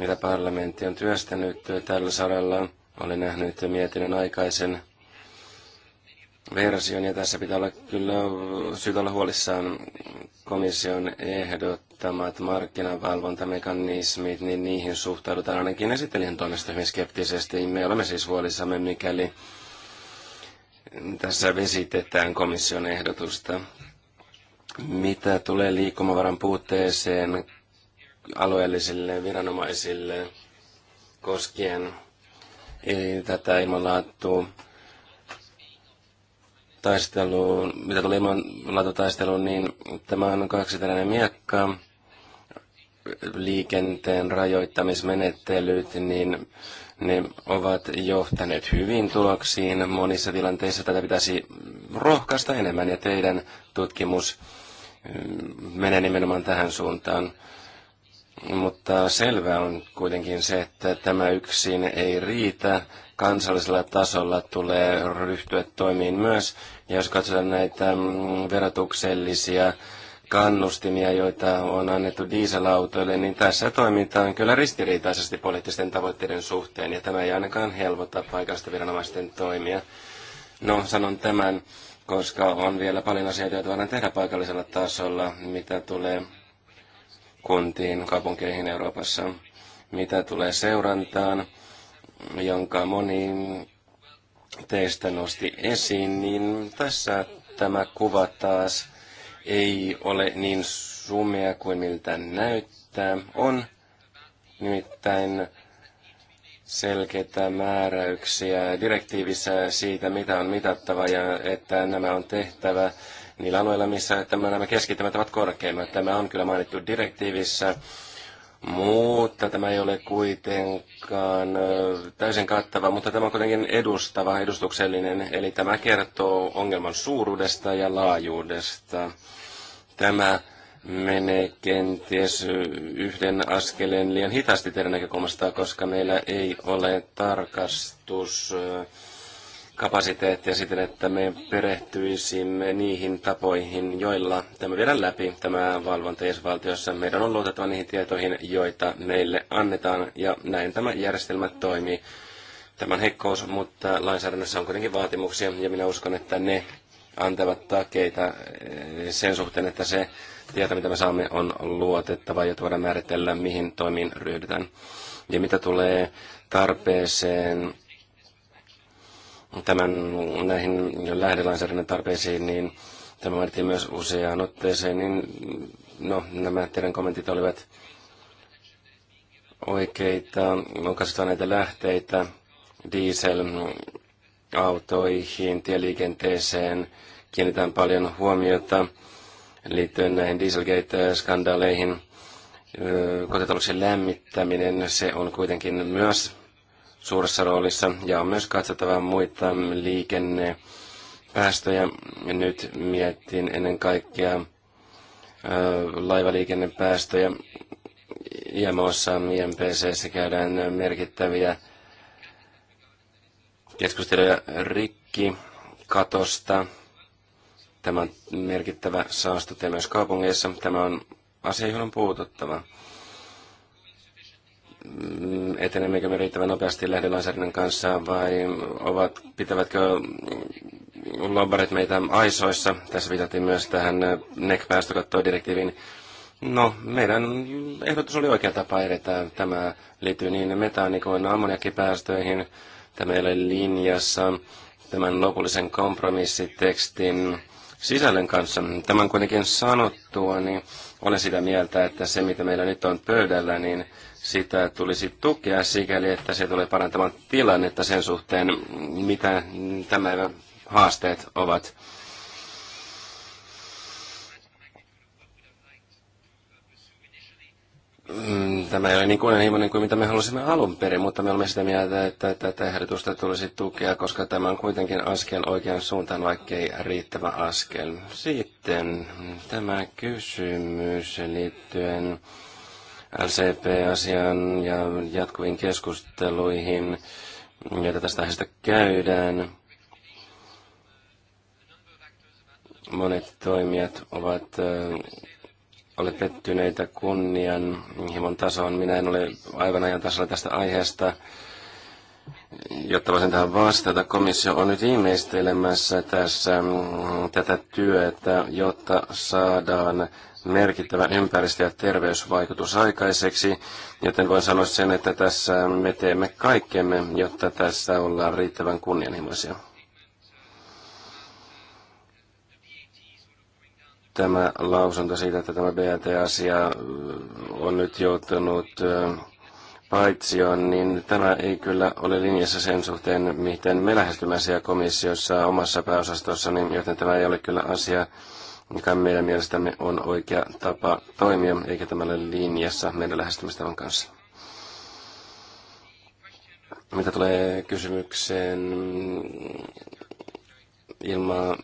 mitä parlamentti on työstänyt tällä saralla. Olen nähnyt mietinnön aikaisen version, ja tässä pitää olla kyllä syytä olla huolissaan komission ehdottamat markkinavalvontamekanismit, niin niihin suhtaudutaan ainakin esittelijän toimesta hyvin skeptisesti. Me olemme siis huolissamme, mikäli tässä vesitetään komission ehdotusta. Mitä tulee liikkumavaran puutteeseen alueellisille viranomaisille koskien tätä ilmanlaatua taisteluun, mitä tuli taisteluun, niin tämä on kaksiteräinen miekka, liikenteen rajoittamismenettelyt, niin ne ovat johtaneet hyvin tuloksiin. Monissa tilanteissa tätä pitäisi rohkaista enemmän ja teidän tutkimus mm, menee nimenomaan tähän suuntaan. Mutta selvä on kuitenkin se, että tämä yksin ei riitä. Kansallisella tasolla tulee ryhtyä toimiin myös. Ja jos katsotaan näitä mm, verotuksellisia kannustimia, joita on annettu dieselautoille, niin tässä toimitaan kyllä ristiriitaisesti poliittisten tavoitteiden suhteen, ja tämä ei ainakaan helpota paikallisten viranomaisten toimia. No, sanon tämän, koska on vielä paljon asioita, joita voidaan tehdä paikallisella tasolla, mitä tulee kuntiin, kaupunkeihin Euroopassa. Mitä tulee seurantaan, jonka moni teistä nosti esiin, niin tässä tämä kuva taas ei ole niin sumea kuin miltä näyttää. On nimittäin selkeitä määräyksiä direktiivissä siitä, mitä on mitattava ja että nämä on tehtävä niillä alueilla, missä tämä, nämä keskittymät ovat korkeimmat. Tämä on kyllä mainittu direktiivissä, mutta tämä ei ole kuitenkaan täysin kattava, mutta tämä on kuitenkin edustava, edustuksellinen, eli tämä kertoo ongelman suuruudesta ja laajuudesta. Tämä menee kenties yhden askeleen liian hitaasti teidän näkökulmasta, koska meillä ei ole tarkastus kapasiteettia siten, että me perehtyisimme niihin tapoihin, joilla tämä viedään läpi tämä valvonta jäsenvaltiossa. Meidän on luotettava niihin tietoihin, joita meille annetaan, ja näin tämä järjestelmä toimii. Tämä on heikkous, mutta lainsäädännössä on kuitenkin vaatimuksia, ja minä uskon, että ne antavat takeita eh, sen suhteen, että se tieto, mitä me saamme, on luotettava, jotta voidaan määritellä, mihin toimiin ryhdytään. Ja mitä tulee tarpeeseen tämän, näihin lähdelainsäädännön tarpeisiin, niin tämä mainittiin myös useaan otteeseen, niin no, nämä teidän kommentit olivat oikeita. On katsotaan näitä lähteitä dieselautoihin, tieliikenteeseen. Kiinnitään paljon huomiota liittyen näihin dieselgate-skandaaleihin. Kotitalouksien lämmittäminen, se on kuitenkin myös suuressa roolissa ja on myös katsottava muita liikennepäästöjä. Nyt mietin ennen kaikkea laivaliikennepäästöjä. IMOssa, IMPCssä käydään merkittäviä keskusteluja rikki katosta. Tämä on merkittävä saastuttaja myös kaupungeissa. Tämä on asia, johon on puututtava. Mm, etenemmekö me riittävän nopeasti lähdölainsäädännön kanssa vai ovat, pitävätkö lobbarit meitä aisoissa? Tässä viitattiin myös tähän NEC-päästökattodirektiiviin. No, meidän ehdotus oli oikea tapa edetä. Tämä liittyy niin metaani kuin ammoniakkipäästöihin. Tämä ei ole linjassa tämän lopullisen kompromissitekstin sisällön kanssa. Tämän kuitenkin sanottua, niin olen sitä mieltä, että se mitä meillä nyt on pöydällä, niin sitä tulisi tukea sikäli, että se tulee parantamaan tilannetta sen suhteen, mitä tämä haasteet ovat. Mm, tämä ei ole niin kunnianhimoinen kuin mitä me halusimme alun perin, mutta me olemme sitä mieltä, että tätä ehdotusta tulisi tukea, koska tämä on kuitenkin askel oikean suuntaan, ei riittävä askel. Sitten tämä kysymys liittyen LCP-asiaan ja jatkuviin keskusteluihin, joita tästä aiheesta käydään. Monet toimijat ovat olleet pettyneitä kunnianhimon tasoon. Minä en ole aivan ajan tasolla tästä aiheesta. Jotta voisin tähän vastata, komissio on nyt viimeistelemässä tässä mm, tätä työtä, jotta saadaan merkittävä ympäristö- ja terveysvaikutus aikaiseksi, joten voin sanoa sen, että tässä me teemme kaikkemme, jotta tässä ollaan riittävän kunnianhimoisia. Tämä lausunto siitä, että tämä BT-asia äh, on nyt joutunut äh, on, niin tämä ei kyllä ole linjassa sen suhteen, miten me lähestymme komissiossa omassa niin joten tämä ei ole kyllä asia, mikä meidän mielestämme on oikea tapa toimia, eikä tämä ole linjassa meidän lähestymistavan kanssa. Mitä tulee kysymykseen ilma,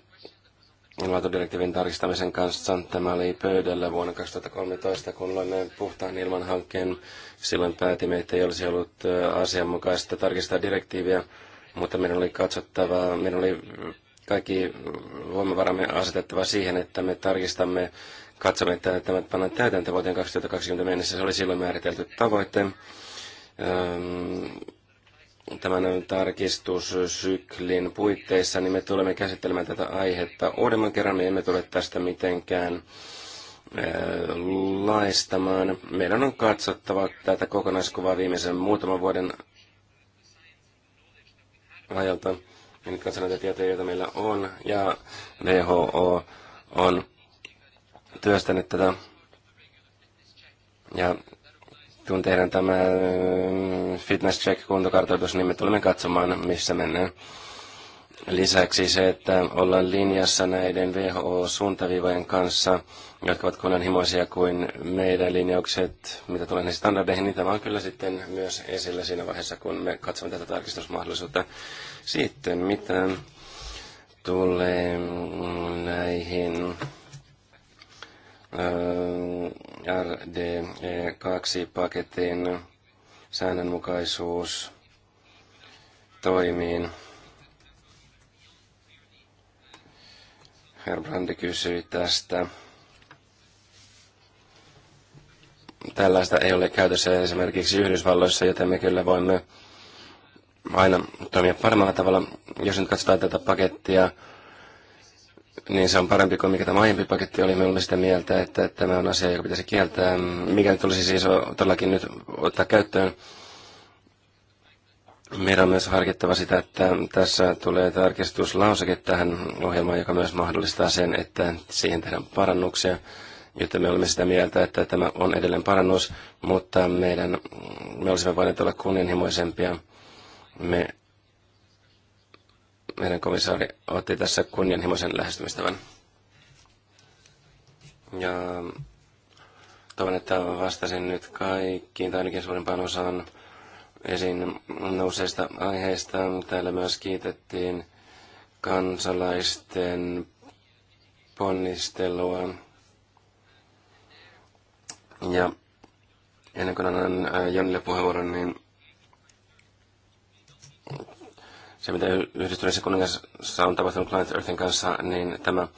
ilmaatodirektiivin tarkistamisen kanssa, tämä oli pöydällä vuonna 2013, kun loimme puhtaan ilman hankkeen. Silloin päätimme, että ei olisi ollut asianmukaista tarkistaa direktiiviä, mutta meidän oli katsottava, meidän oli kaikki voimavaramme asetettava siihen, että me tarkistamme, katsomme, että tämä pannaan täytäntö vuoteen 2020 mennessä. Se oli silloin määritelty tavoite. Tämän tarkistussyklin puitteissa niin me tulemme käsittelemään tätä aihetta uudemman kerran. Me emme tule tästä mitenkään laistamaan. Meidän on katsottava tätä kokonaiskuvaa viimeisen muutaman vuoden ajalta nyt katson näitä tietoja, joita meillä on, ja WHO on työstänyt tätä. Ja kun tehdään tämä mm, fitness check kuntokartoitus, niin me tulemme katsomaan, missä mennään. Lisäksi se, että ollaan linjassa näiden WHO-suuntaviivojen kanssa, jotka ovat kunnianhimoisia kuin meidän linjaukset, mitä tulee näihin standardeihin, niin tämä on kyllä sitten myös esillä siinä vaiheessa, kun me katsomme tätä tarkistusmahdollisuutta. Sitten mitä tulee näihin öö, RDE2-paketin säännönmukaisuus toimiin. Brandi kysyi tästä. Tällaista ei ole käytössä esimerkiksi Yhdysvalloissa, joten me kyllä voimme aina toimia paremmalla tavalla. Jos nyt katsotaan tätä pakettia, niin se on parempi kuin mikä tämä aiempi paketti oli. Me olemme sitä mieltä, että tämä on asia, joka pitäisi kieltää. Mikä nyt olisi siis todellakin nyt ottaa käyttöön. Meidän on myös harkittava sitä, että tässä tulee tarkistuslauseke tähän ohjelmaan, joka myös mahdollistaa sen, että siihen tehdään parannuksia. Joten me olemme sitä mieltä, että tämä on edelleen parannus, mutta meidän, me olisimme voineet olla kunnianhimoisempia me, meidän komissaari otti tässä kunnianhimoisen lähestymistavan. Ja toivon, että vastasin nyt kaikkiin tai ainakin suurimpaan osaan esiin nouseista aiheista. Täällä myös kiitettiin kansalaisten ponnistelua. Ja ennen kuin annan äh, jonille puheenvuoron, niin se, mitä yhdistyneessä kuningassa on tapahtunut Planet Earthin kanssa, niin tämä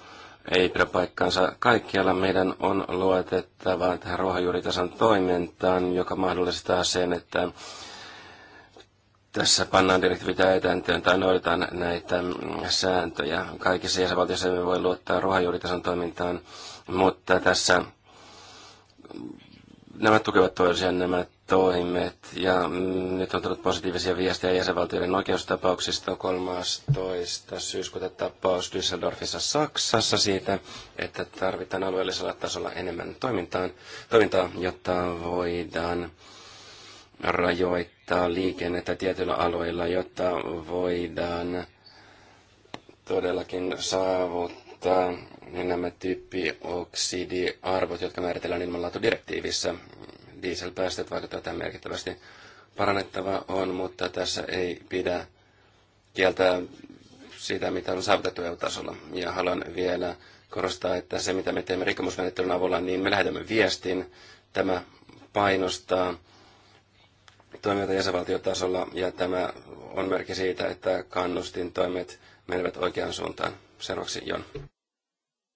ei pidä paikkaansa. Kaikkialla meidän on luotettava tähän ruohonjuuritason toimintaan, joka mahdollistaa sen, että tässä pannaan direktiivi etäntöön tai noudataan näitä sääntöjä. Kaikissa jäsenvaltioissa me voi luottaa ruohonjuuritason toimintaan, mutta tässä nämä tukevat toisiaan nämä toimet. Ja nyt on tullut positiivisia viestejä jäsenvaltioiden oikeustapauksista 13. syyskuuta tapaus Düsseldorfissa Saksassa siitä, että tarvitaan alueellisella tasolla enemmän toimintaa, toimintaa jotta voidaan rajoittaa liikennettä tietyillä alueilla, jotta voidaan todellakin saavuttaa nämä tyyppioksidiarvot, jotka määritellään ilmanlaatudirektiivissä dieselpäästöt tätä merkittävästi. Parannettava on, mutta tässä ei pidä kieltää sitä, mitä on saavutettu EU-tasolla. Ja haluan vielä korostaa, että se, mitä me teemme rikkomusmenettelyn avulla, niin me lähetämme viestin. Tämä painostaa toimijoita jäsenvaltiotasolla ja tämä on merkki siitä, että kannustin toimet menevät oikeaan suuntaan. Seuraavaksi Jon.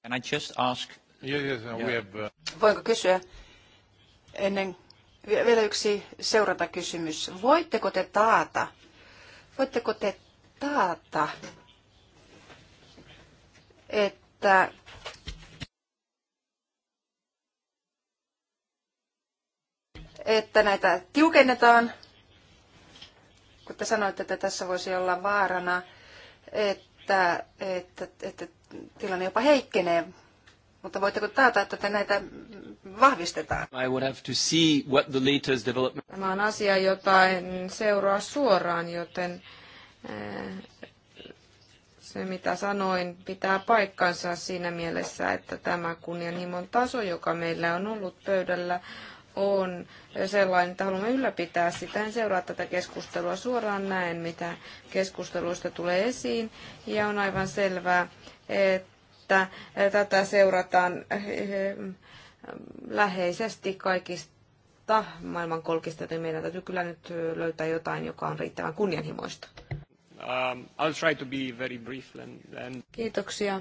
Can I just ask... Yeah, yeah, yeah. Have... Uh- Voinko kysyä, ennen vielä yksi seurantakysymys. Voitteko te taata, voitteko te taata, että että näitä tiukennetaan, kun te sanoitte, että tässä voisi olla vaarana, että, että, että tilanne jopa heikkenee. Mutta voitteko taata, että te näitä vahvistetaan. I would have to see what the latest development... Tämä on asia, jota en seuraa suoraan, joten eh, se mitä sanoin pitää paikkansa siinä mielessä, että tämä kunnianhimon taso, joka meillä on ollut pöydällä, on sellainen, että haluamme ylläpitää sitä. En seuraa tätä keskustelua suoraan, näen mitä keskusteluista tulee esiin. Ja on aivan selvää, että eh, tätä seurataan eh, läheisesti kaikista maailmankolkista, joten meidän täytyy kyllä nyt löytää jotain, joka on riittävän kunnianhimoista. Um, I'll try to be very brief Kiitoksia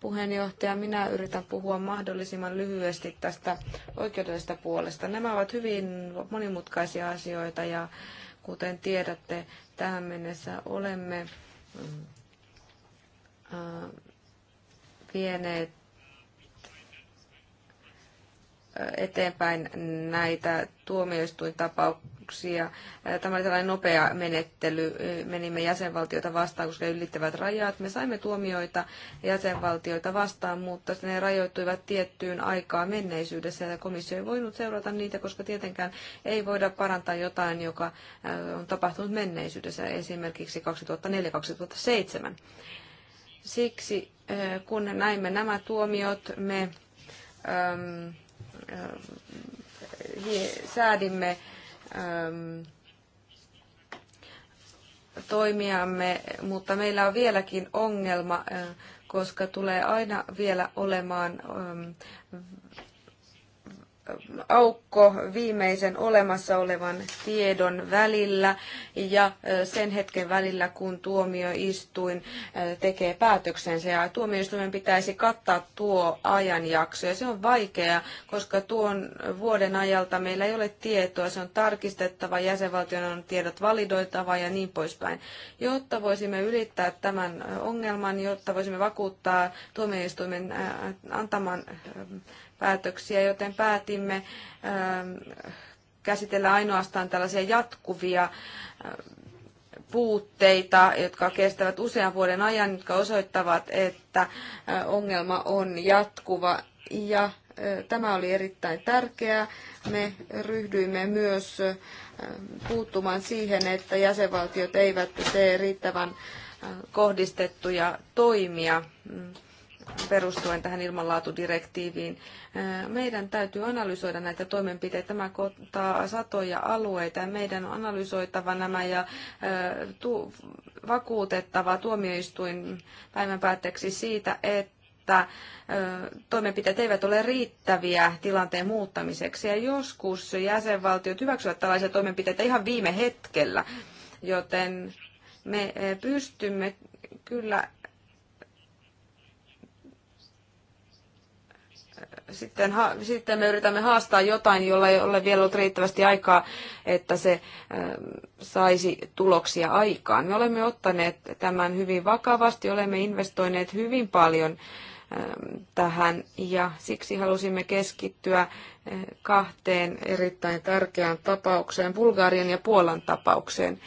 puheenjohtaja. Minä yritän puhua mahdollisimman lyhyesti tästä oikeudellisesta puolesta. Nämä ovat hyvin monimutkaisia asioita ja kuten tiedätte, tähän mennessä olemme mm, äh, vieneet eteenpäin näitä tuomioistuintapauksia. Tämä oli tällainen nopea menettely. Menimme jäsenvaltioita vastaan, koska ylittävät rajat. Me saimme tuomioita jäsenvaltioita vastaan, mutta ne rajoittuivat tiettyyn aikaan menneisyydessä. Ja komissio ei voinut seurata niitä, koska tietenkään ei voida parantaa jotain, joka äh, on tapahtunut menneisyydessä, esimerkiksi 2004-2007. Siksi äh, kun näimme nämä tuomiot, me äm, Ähm, säädimme ähm, toimiamme, mutta meillä on vieläkin ongelma, äh, koska tulee aina vielä olemaan ähm, aukko viimeisen olemassa olevan tiedon välillä ja sen hetken välillä, kun tuomioistuin tekee päätöksensä. Ja tuomioistuimen pitäisi kattaa tuo ajanjakso ja se on vaikeaa, koska tuon vuoden ajalta meillä ei ole tietoa. Se on tarkistettava, jäsenvaltion on tiedot validoitava ja niin poispäin. Jotta voisimme ylittää tämän ongelman, jotta voisimme vakuuttaa tuomioistuimen antaman päätöksiä, joten päätimme ähm, käsitellä ainoastaan tällaisia jatkuvia ähm, puutteita, jotka kestävät usean vuoden ajan, jotka osoittavat, että äh, ongelma on jatkuva. Ja äh, tämä oli erittäin tärkeää. Me ryhdyimme myös ähm, puuttumaan siihen, että jäsenvaltiot eivät tee riittävän äh, kohdistettuja toimia mm perustuen tähän ilmanlaatudirektiiviin. Meidän täytyy analysoida näitä toimenpiteitä. Tämä kohtaa satoja alueita ja meidän on analysoitava nämä ja tu- vakuutettava tuomioistuin päivän päätteeksi siitä, että että toimenpiteet eivät ole riittäviä tilanteen muuttamiseksi. Ja joskus jäsenvaltiot hyväksyvät tällaisia toimenpiteitä ihan viime hetkellä, joten me pystymme kyllä sitten, ha, sitten me yritämme haastaa jotain, jolla ei ole vielä ollut riittävästi aikaa, että se äh, saisi tuloksia aikaan. Me olemme ottaneet tämän hyvin vakavasti, olemme investoineet hyvin paljon ähm, tähän ja siksi halusimme keskittyä äh, kahteen erittäin tärkeään tapaukseen, Bulgarian ja Puolan tapaukseen.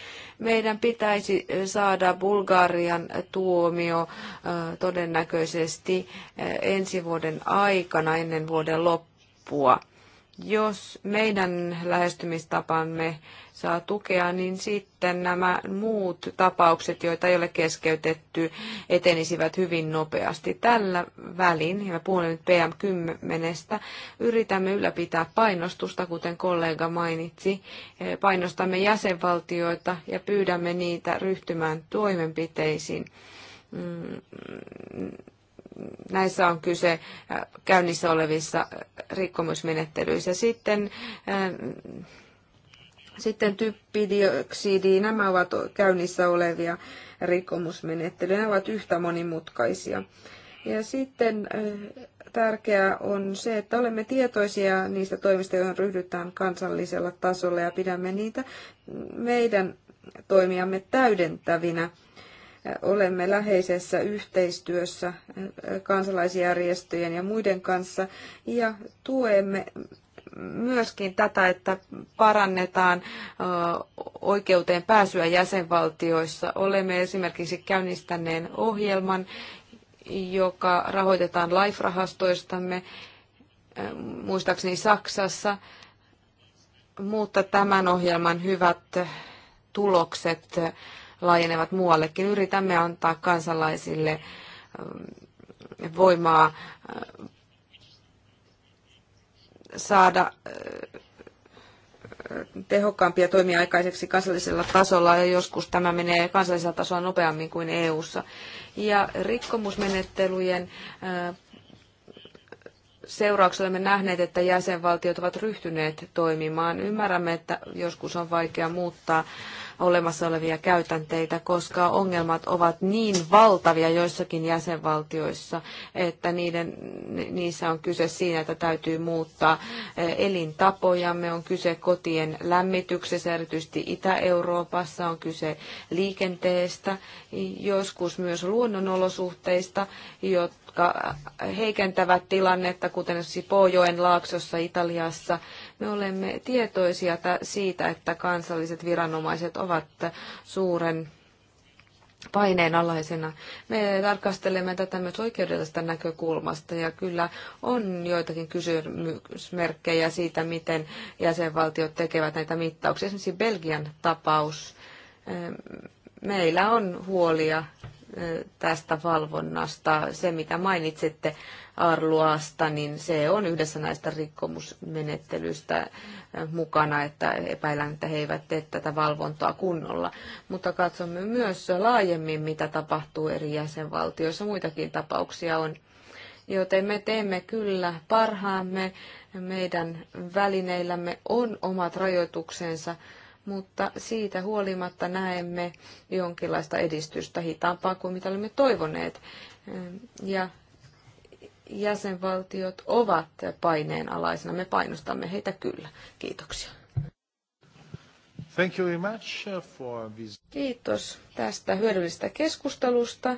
Meidän pitäisi eh, saada Bulgarian tuomio eh, todennäköisesti eh, ensi vuoden aikana ennen vuoden loppua. Jos meidän lähestymistapamme saa tukea, niin sitten nämä muut tapaukset, joita ei ole keskeytetty, etenisivät hyvin nopeasti. Tällä välin, ja puhun nyt PM10, yritämme ylläpitää painostusta, kuten kollega mainitsi. Painostamme jäsenvaltioita ja pyydämme niitä ryhtymään toimenpiteisiin näissä on kyse äh, käynnissä olevissa rikkomusmenettelyissä. Sitten äh, sitten typpidioksidi, nämä ovat käynnissä olevia rikkomusmenettelyjä, ne ovat yhtä monimutkaisia. Ja sitten eh, tärkeää on se, että olemme tietoisia niistä toimista, joihin ryhdytään kansallisella tasolla ja pidämme niitä meidän toimiamme täydentävinä. Eh, olemme läheisessä yhteistyössä eh, kansalaisjärjestöjen ja muiden kanssa ja tuemme myöskin tätä, että parannetaan oikeuteen pääsyä jäsenvaltioissa. Olemme esimerkiksi käynnistäneet ohjelman, joka rahoitetaan LIFE-rahastoistamme, muistaakseni Saksassa, mutta tämän ohjelman hyvät tulokset laajenevat muuallekin. Yritämme antaa kansalaisille voimaa saada eh, tehokkaampia toimia aikaiseksi kansallisella tasolla ja joskus tämä menee kansallisella tasolla nopeammin kuin EU:ssa. Ja rikkomusmenettelyjen eh, seurauksella me nähneet, että jäsenvaltiot ovat ryhtyneet toimimaan. Ymmärrämme, että joskus on vaikea muuttaa olemassa olevia käytänteitä, koska ongelmat ovat niin valtavia joissakin jäsenvaltioissa, että niiden, niissä on kyse siinä, että täytyy muuttaa eh, elintapojamme, on kyse kotien lämmityksessä, erityisesti Itä-Euroopassa, on kyse liikenteestä, joskus myös luonnonolosuhteista, jotka eh, heikentävät tilannetta, kuten esimerkiksi Pohjoen laaksossa Italiassa – me olemme tietoisia siitä, että kansalliset viranomaiset ovat suuren paineen alaisena. Me tarkastelemme tätä myös oikeudellisesta näkökulmasta ja kyllä on joitakin kysymysmerkkejä siitä, miten jäsenvaltiot tekevät näitä mittauksia. Esimerkiksi Belgian tapaus. Meillä on huolia tästä valvonnasta. Se, mitä mainitsitte, Arluasta, niin se on yhdessä näistä rikkomusmenettelyistä eh, mukana, että epäilän, että he eivät tee tätä valvontaa kunnolla. Mutta katsomme myös laajemmin, mitä tapahtuu eri jäsenvaltioissa. Muitakin tapauksia on. Joten me teemme kyllä parhaamme. Meidän välineillämme on omat rajoituksensa, mutta siitä huolimatta näemme jonkinlaista edistystä hitaampaa kuin mitä olemme toivoneet. Ja jäsenvaltiot ovat paineen alaisena. Me painostamme heitä kyllä. Kiitoksia. Thank you very much uh, for this. Kiitos tästä hyödyllisestä keskustelusta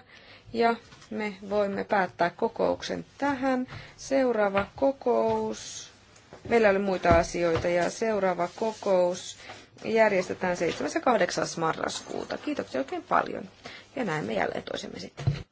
ja me voimme päättää kokouksen tähän. Seuraava kokous. Meillä oli muita asioita ja seuraava kokous järjestetään 7. ja 8. marraskuuta. Kiitoksia oikein paljon ja näemme jälleen toisemme sitten.